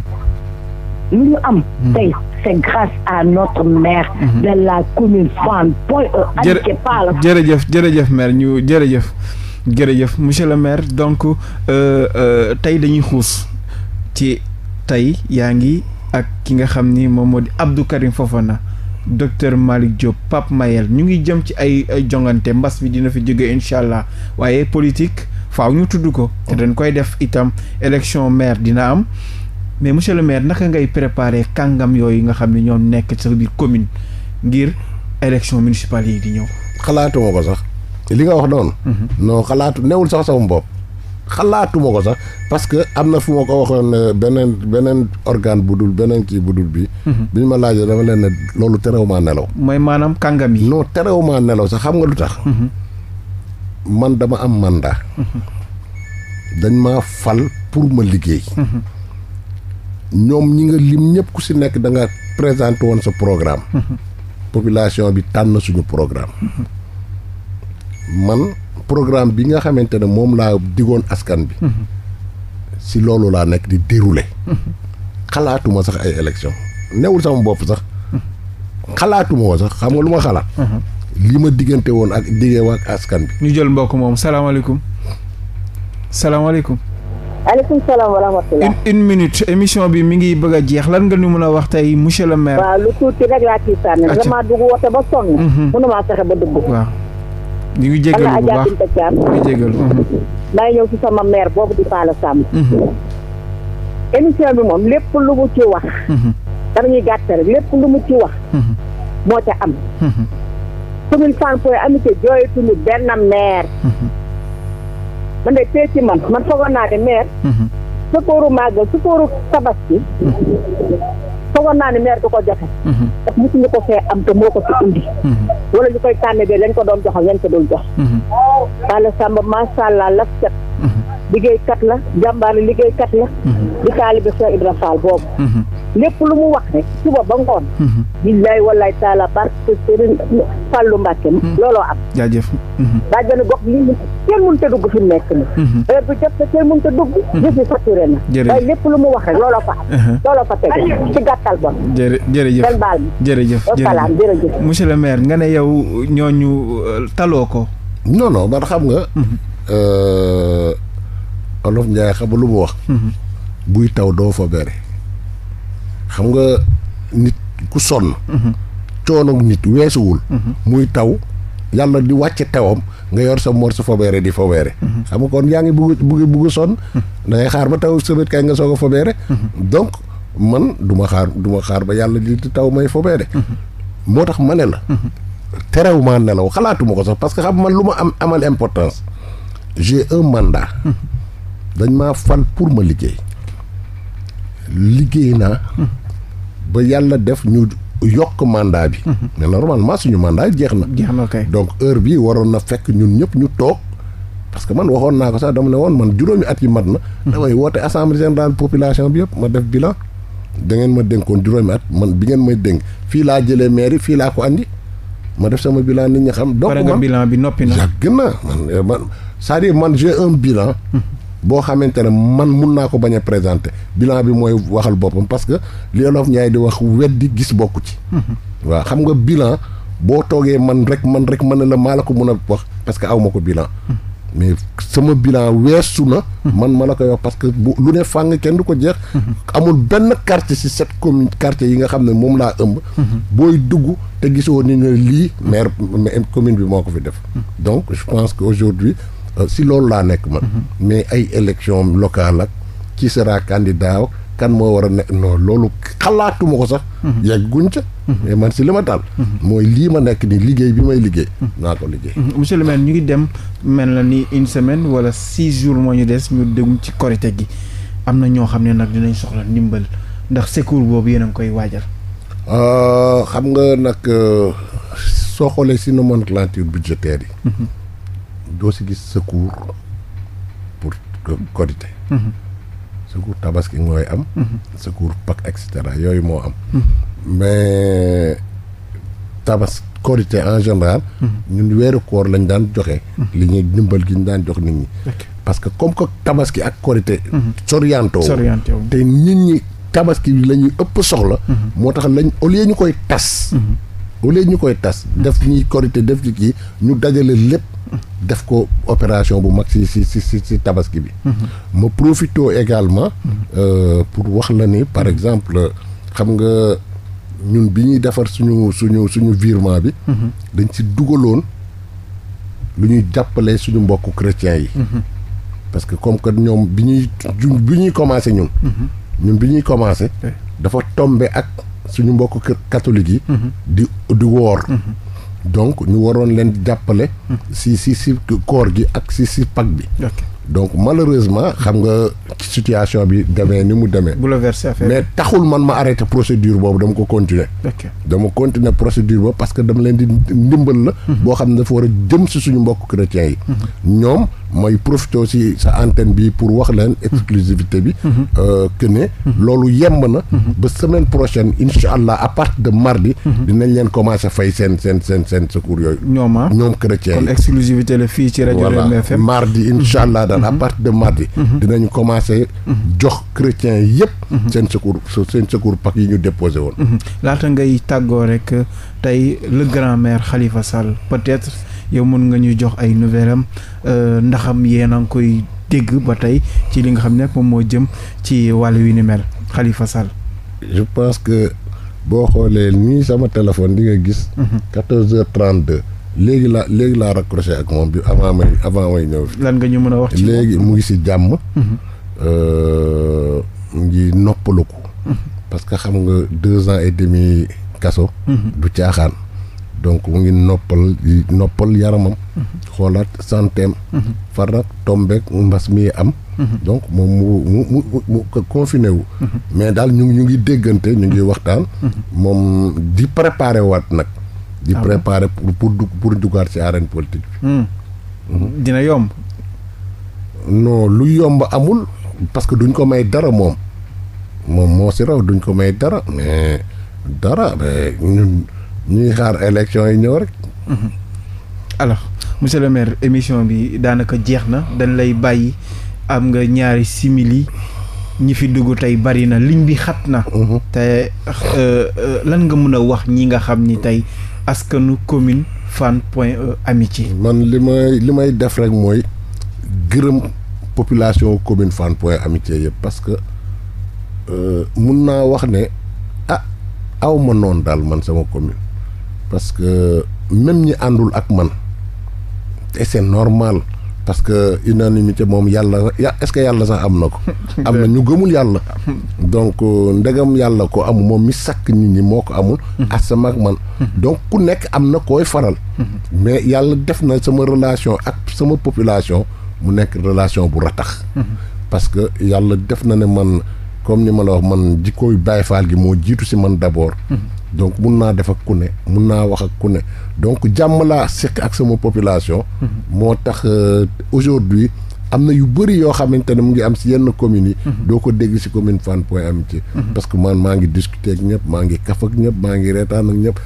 lu ñu am mhm. tey c'est grâce à notre maire de la commune Fann Point E jërëjëf jërëjëf maire ñu jërëjëf jërëjëf monsieur le maire donc euh, euh, tey dañuy xuus ci tey yaa ngi ak ki nga xam ni moom moo di Abdou Karim Fofana docteur Malick Diop Pape Mayel ñu ngi jëm ci ay jongante mbas bi dina fi jóge incha allah waaye politique faaw ñu tudd ko te oh. dañ koy def itam élection maire dina am mais monsieur le maire naka ngay préparer kàngam yooyu nga xam ne ñoom nekk sa biir commune ngir élection municipale yi di ñëw xalaatuma ko sax li nga wax noonu mhm. non xalaatu newul sax sama bopp xalaatuma ko sax parce que am na fu ma ko waxoon euh, beneen beneen organe bu dul beneen kii bu dul bi mhm. bi ñu ma laajee dama leen ne loolu terewumaa nelaw mooy maanaam kàngam yi non terewuma nelaw sax xam nga lu tax mhm. man dama am mandat. dañ ma fal pour ma liggéey. ñoom ñi nga lim ñëpp ku si nekk danga nga woon sa programme. population bi tànn suñu programme. man programme bi nga xamante ne moom laa digoon askan bi. si loolu laa nekk di dérouler. xalaatuma sax ay élection newul sama bopp sax. xalaatuma woon sax xam nga lu ma xalaat. li ma diggante woon ak diggee waa askan bi. ñu jël mbokk moom salaamaaleykum salaamaaleykum. aleykum salaam wa rahmatulah. une minute émission bi mi ngi bëgg a jeex lan nga ñu mën a wax te monsieur le maire. waaw lu tuuti rek laa ciy sànni. ba sonn. Mhm. mënumaa fexe ba dugg. waaw ñu ngi jégalu mhm. boobu di Fala Samb. Mhm. émission bi moom lépp lu mu ci wax. dama ñuy gàtt rek lépp lu mu ci wax. moo ca am. commune Fann-Point Amitié jooyatuñu benn maire. Mhm. man de tey ci man man foogoon naa ne maire. Mhm. sukooru màggal sukooru tabaski. Mhm. foogoon naa ne maire du ko joxe. ndax mosuñu ko fee am te moo ko fi indi. wala ñu koy tànn de lañ ko doon jox ak lañ ko dul jox. Balla Samba macha allah laf set. liggéeykat la liggéey liggéeykat la. di taalibe Cheikh Ibra Fall boobu. lépp lu mu wax rek suba ba ngoon. Mhm. billaay wallaay taala parce que Serigne Fallou Mbacke. Mhm. looloo am. jaajëf. Mhm. bàjjenu gox bi kenn mënut a dugg fi mu nekk nii. heure bu jot te kenn mënut lépp lu mu wax rek looloo fa am. looloo fa tegu ci gàttal bon. le maire nga ne yow ñooñu euh, taloo ko. non man xam nga. Euh, Olof Ndiaye xam lu mu wax. buy taw doo fa bere. xam nga nit ku sonn. Mhm. coonoog nit weesuwul. Mhm. muy taw yàlla di wàcc tawam nga yor sa morso fobeere di fobeere. Mhm. xam nga kon yaa ngi bugg bugg bugg sonn. da xaar ba taw sëbët kaay nga soog a fobeere. donc man du ma xaar du ma xaar ba yàlla di taw may fobeere. moo tax ma ne na terew ma nelaw xalaatuma ko sax parce que xam man lu ma am amal importance. j'ai un mandat. dañ maa fal pour ma liggéey. liggéey naa. ba yàlla def ñu yokk mandat bi. Mhm. mais normalement suñu mandat jeex na. jeex na kay donc heure bi waroon na fekk ñun ñëpp ñu toog. parce que man waxoon naa ko sax dama ne woon man juróomi at yi mat na. Mhm. damay woote assemblée générale population bi yëpp ma def bilan. da ngeen ma dénkoon juróomi at man bi ngeen may dénk fii laa jëlee mairie fii laa ko andi ma def sama bilan nit ñi xam. donc man bilan bi noppi na. yàgg na man eh, man cest man j'ai un bilan. Mhm. boo xamante ne man mun naa ko bañ a présenté bilan bi mooy waxal boppam parce que li Olof Njaay di wax weddi gis bokku ci. Mm-hmm. waaw xam nga bilan boo toogee man rek man rek man na maa la ko mun a wax parce que aw ma ko bilan. Mm-hmm. mais sama bilan weesu na. Mm-hmm. man ma la koy wax parce que bu lu ne fàng kenn du ko jeex. amul benn quartier ci sept commune quartier yi nga xam ne moom laa ëmb. booy dugg te gisoo ni ne lii maire commune bi moo ko fi def. donc je pense que aujourd'hui Euh, si loolu laa nekk man. Mhm. mais ay élection locale ak ci sera candidat ak kan moo war a nekk non loolu xalaatuma ko sax. Mhm. yegguñ ca. Mhm. mais man si li ma daal. mooy lii ma nekk ni liggéey bi may liggéey. naa ko liggéey. monsieur ñu ngi dem mel na ni une semaine wala six jours moo ñu des ñu déglu ci korite gi am na ñoo xam ne nag dinañ soxla ndimbal ndax secours boobu yéen a ngi koy waajal. Euh, xam nga nag euh, soo xoolee si nu nomenclature budgétaire yi. doo si gis secours pour euh, korité mhm. secours tabaski mooy am mhm. secours Pâques et cetera yooyu moo am mhm. mais tabas korité en général ñun weeru koor lañ daan joxe li ñuy dimbal gi ñu daan jox nit ñi parce que comme que tabaski ak korité sorianto te nit ñi tabaski bi la ëpp soxla moo tax lañ au ñu koy tas au ñu koy tas def ñuy korité def ci kii ñu dajale lépp def ko opération bu mag si si si ci tabaski bi ma profito également mm-hmm. euh, pour wax la ni par mm-hmm. exemple xam nga ñun bi ñuy defar suñu suñu suñu virement bi mm-hmm. dañ si dugaloon lu ñuy jàppale suñu mbokku chrétiens yi parce que comme que ñoom bi ñuy bi ñuy commencé ñun ñun bi ñuy commencé eh. dafa tombe ak suñu mbokk catholique yi di di woor donc ñu waroon leen jàppale. si si si koor gi ak si si pag bi. donc malheureusement xam nga situation bi demee ni mu demee. bouleversé affaire mais taxul man ma arrêté procédure boobu dama ko continuer. dama continuer procédure boobu parce que dama leen di ndimbal la. Mhm. boo xam ne dafa war a jëm si suñu mbokk chrétiens yi. Mhm. ñoom. mooy profité ci sa antenne bi pour wax leen exclusivité bi mhm. euh, que ne mhm. loolu yemb na mhm. ba semaine prochaine incha allah à partir de mardi dinañ leen commencé fay seen seen seen seen secours yooyu ñooma ñoom ah. chrétien kon fii ci rajo Rewmi FM mardi incha allah daal à de mardi dinañ commencé jox chrétien yëpp seen secours seen secours pak yi ñu déposé woon laata ngay tàggoo rek tey le grand maire Khalifa Sall yow mën nga ñuy jox ay nouvelle am euh, ndaxam yéen a ngi koy dégg ba tey ci li nga xam nekk moom moo jëm ci wàll wi ni mel Khalifa Sall. je pense que boo xoolee nii sama téléphone di nga gis. 14 mhm. heures 32. léegi laa léegi laa raccroché ak moom bi avant may avant may ñëw. lan nga ñu mën a wax ci léegi mu ngi si jàmm. Mhm. Euh, mu ngi noppaloo ko. Mhm. parce que xam nga deux ans et demi kaso. du caaxaan. donc mu ngi noppal noppal yaramam. xoolaat santeem. far nag tombeek mbas mi am. donc moom mu mu mu mu confiné wu. mais daal ñu ngi ñu ngi déggante ñu ngi waxtaan. moom di préparer waat nag. di ah préparer pour pour pour dugaat ci arène politique bi. Hmm. Hmm. dina yomb. non lu yomb amul parce que duñ ko may dara moom moom moo si raw duñ ko may dara mais dara mais ñun. ñuy xaar élection yi ñëw rek. Mhm. alors monsieur le maire émission bi daanaka jeex na dañ lay bàyyi am nga ñaari simili ñi fi dugg tey bari na liñ bi xat na. Mhm. te euh, euh, lan nga mën a wax ñi nga xam ni tey askanu commune Fann Point E Amitié. man li may def rek mooy gërëm population commune Fann Point E Amitié yëpp parce que euh, mun naa wax ne ah aw ma noonu daal man sama commune. parce que même ñi àndul ak man te c'est normal parce que unanimité moom yàlla est-ce que yàlla sax am na ko (laughs) am na ñu gëmul yàlla (laughs) donc euh, ndegam yàlla ko amul moom mi sàkk nit ñi moo ko amul mhm. asama ak man mhm. donc ku nekk am na koy faral mhm. mais yàlla def na sama relation ak sama population mu nekk relation bu ratax parce que yàlla def na ne man comme ni ma la wax man jikkooy Baay Faal gi moo jiitu si man d'abord donc mun naa def ak ku ne mun naa wax ak ku ne donc jàmm laa seq ak sama population. Mm-hmm. moo tax euh, aujourd'hui am na yu bëri yoo xamante ne mu ngi am si yenn commune yi. Mm-hmm. doo ko dégg si commune Fann Point Amitié. Mm-hmm. parce que man maa ngi discuter ak ñëpp maa ngi kaf ak ñëpp maa ngi reetaan ak ñëpp.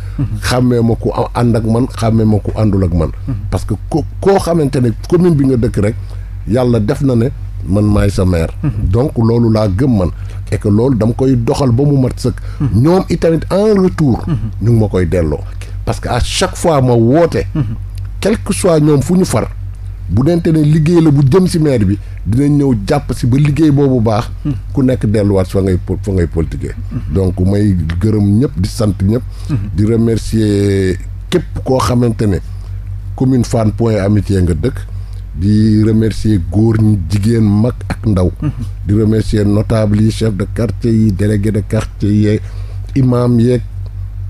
xàmmee ma ku ànd ak man xàmmee ma ku àndul ak man. parce que ko koo xamante ne commune bi nga dëkk rek yàlla def na ne. man may sa maire. Mhm. donc loolu laa gëm man et que loolu dama koy doxal ba mu mat sëkk. Mhm. ñoom itamit en retour. Mhm. ñu ma koy delloo. parce que à chaque fois ma woote. quelque que soit ñoom fu ñu far. bu dente ne liggéey la bu jëm si maire bi dinañ ñëw jàpp si ba liggéey boobu baax. ku nekk delluwaat fa ngay fa ngay politiquer. donc may gërëm ñëpp di sant ñëpp. di remercier képp koo xamante ne commune Fann Point Amitié nga dëkk. di remercier góor ñi jigéen mag ak ndaw (laughs) di remercier notable yi chef de quartier yi délégué de quartier yeeg imam yeeg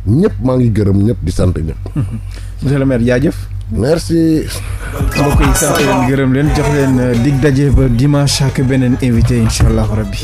ñëpp maa ngi gërëm ñëpp di sant ñëpp (laughs) monsieur le maire jaajëf merci mbokk yi sant leen gërëm leen jox leen euh, dig daje ba dimanche ak beneen invité incha allahu rabbi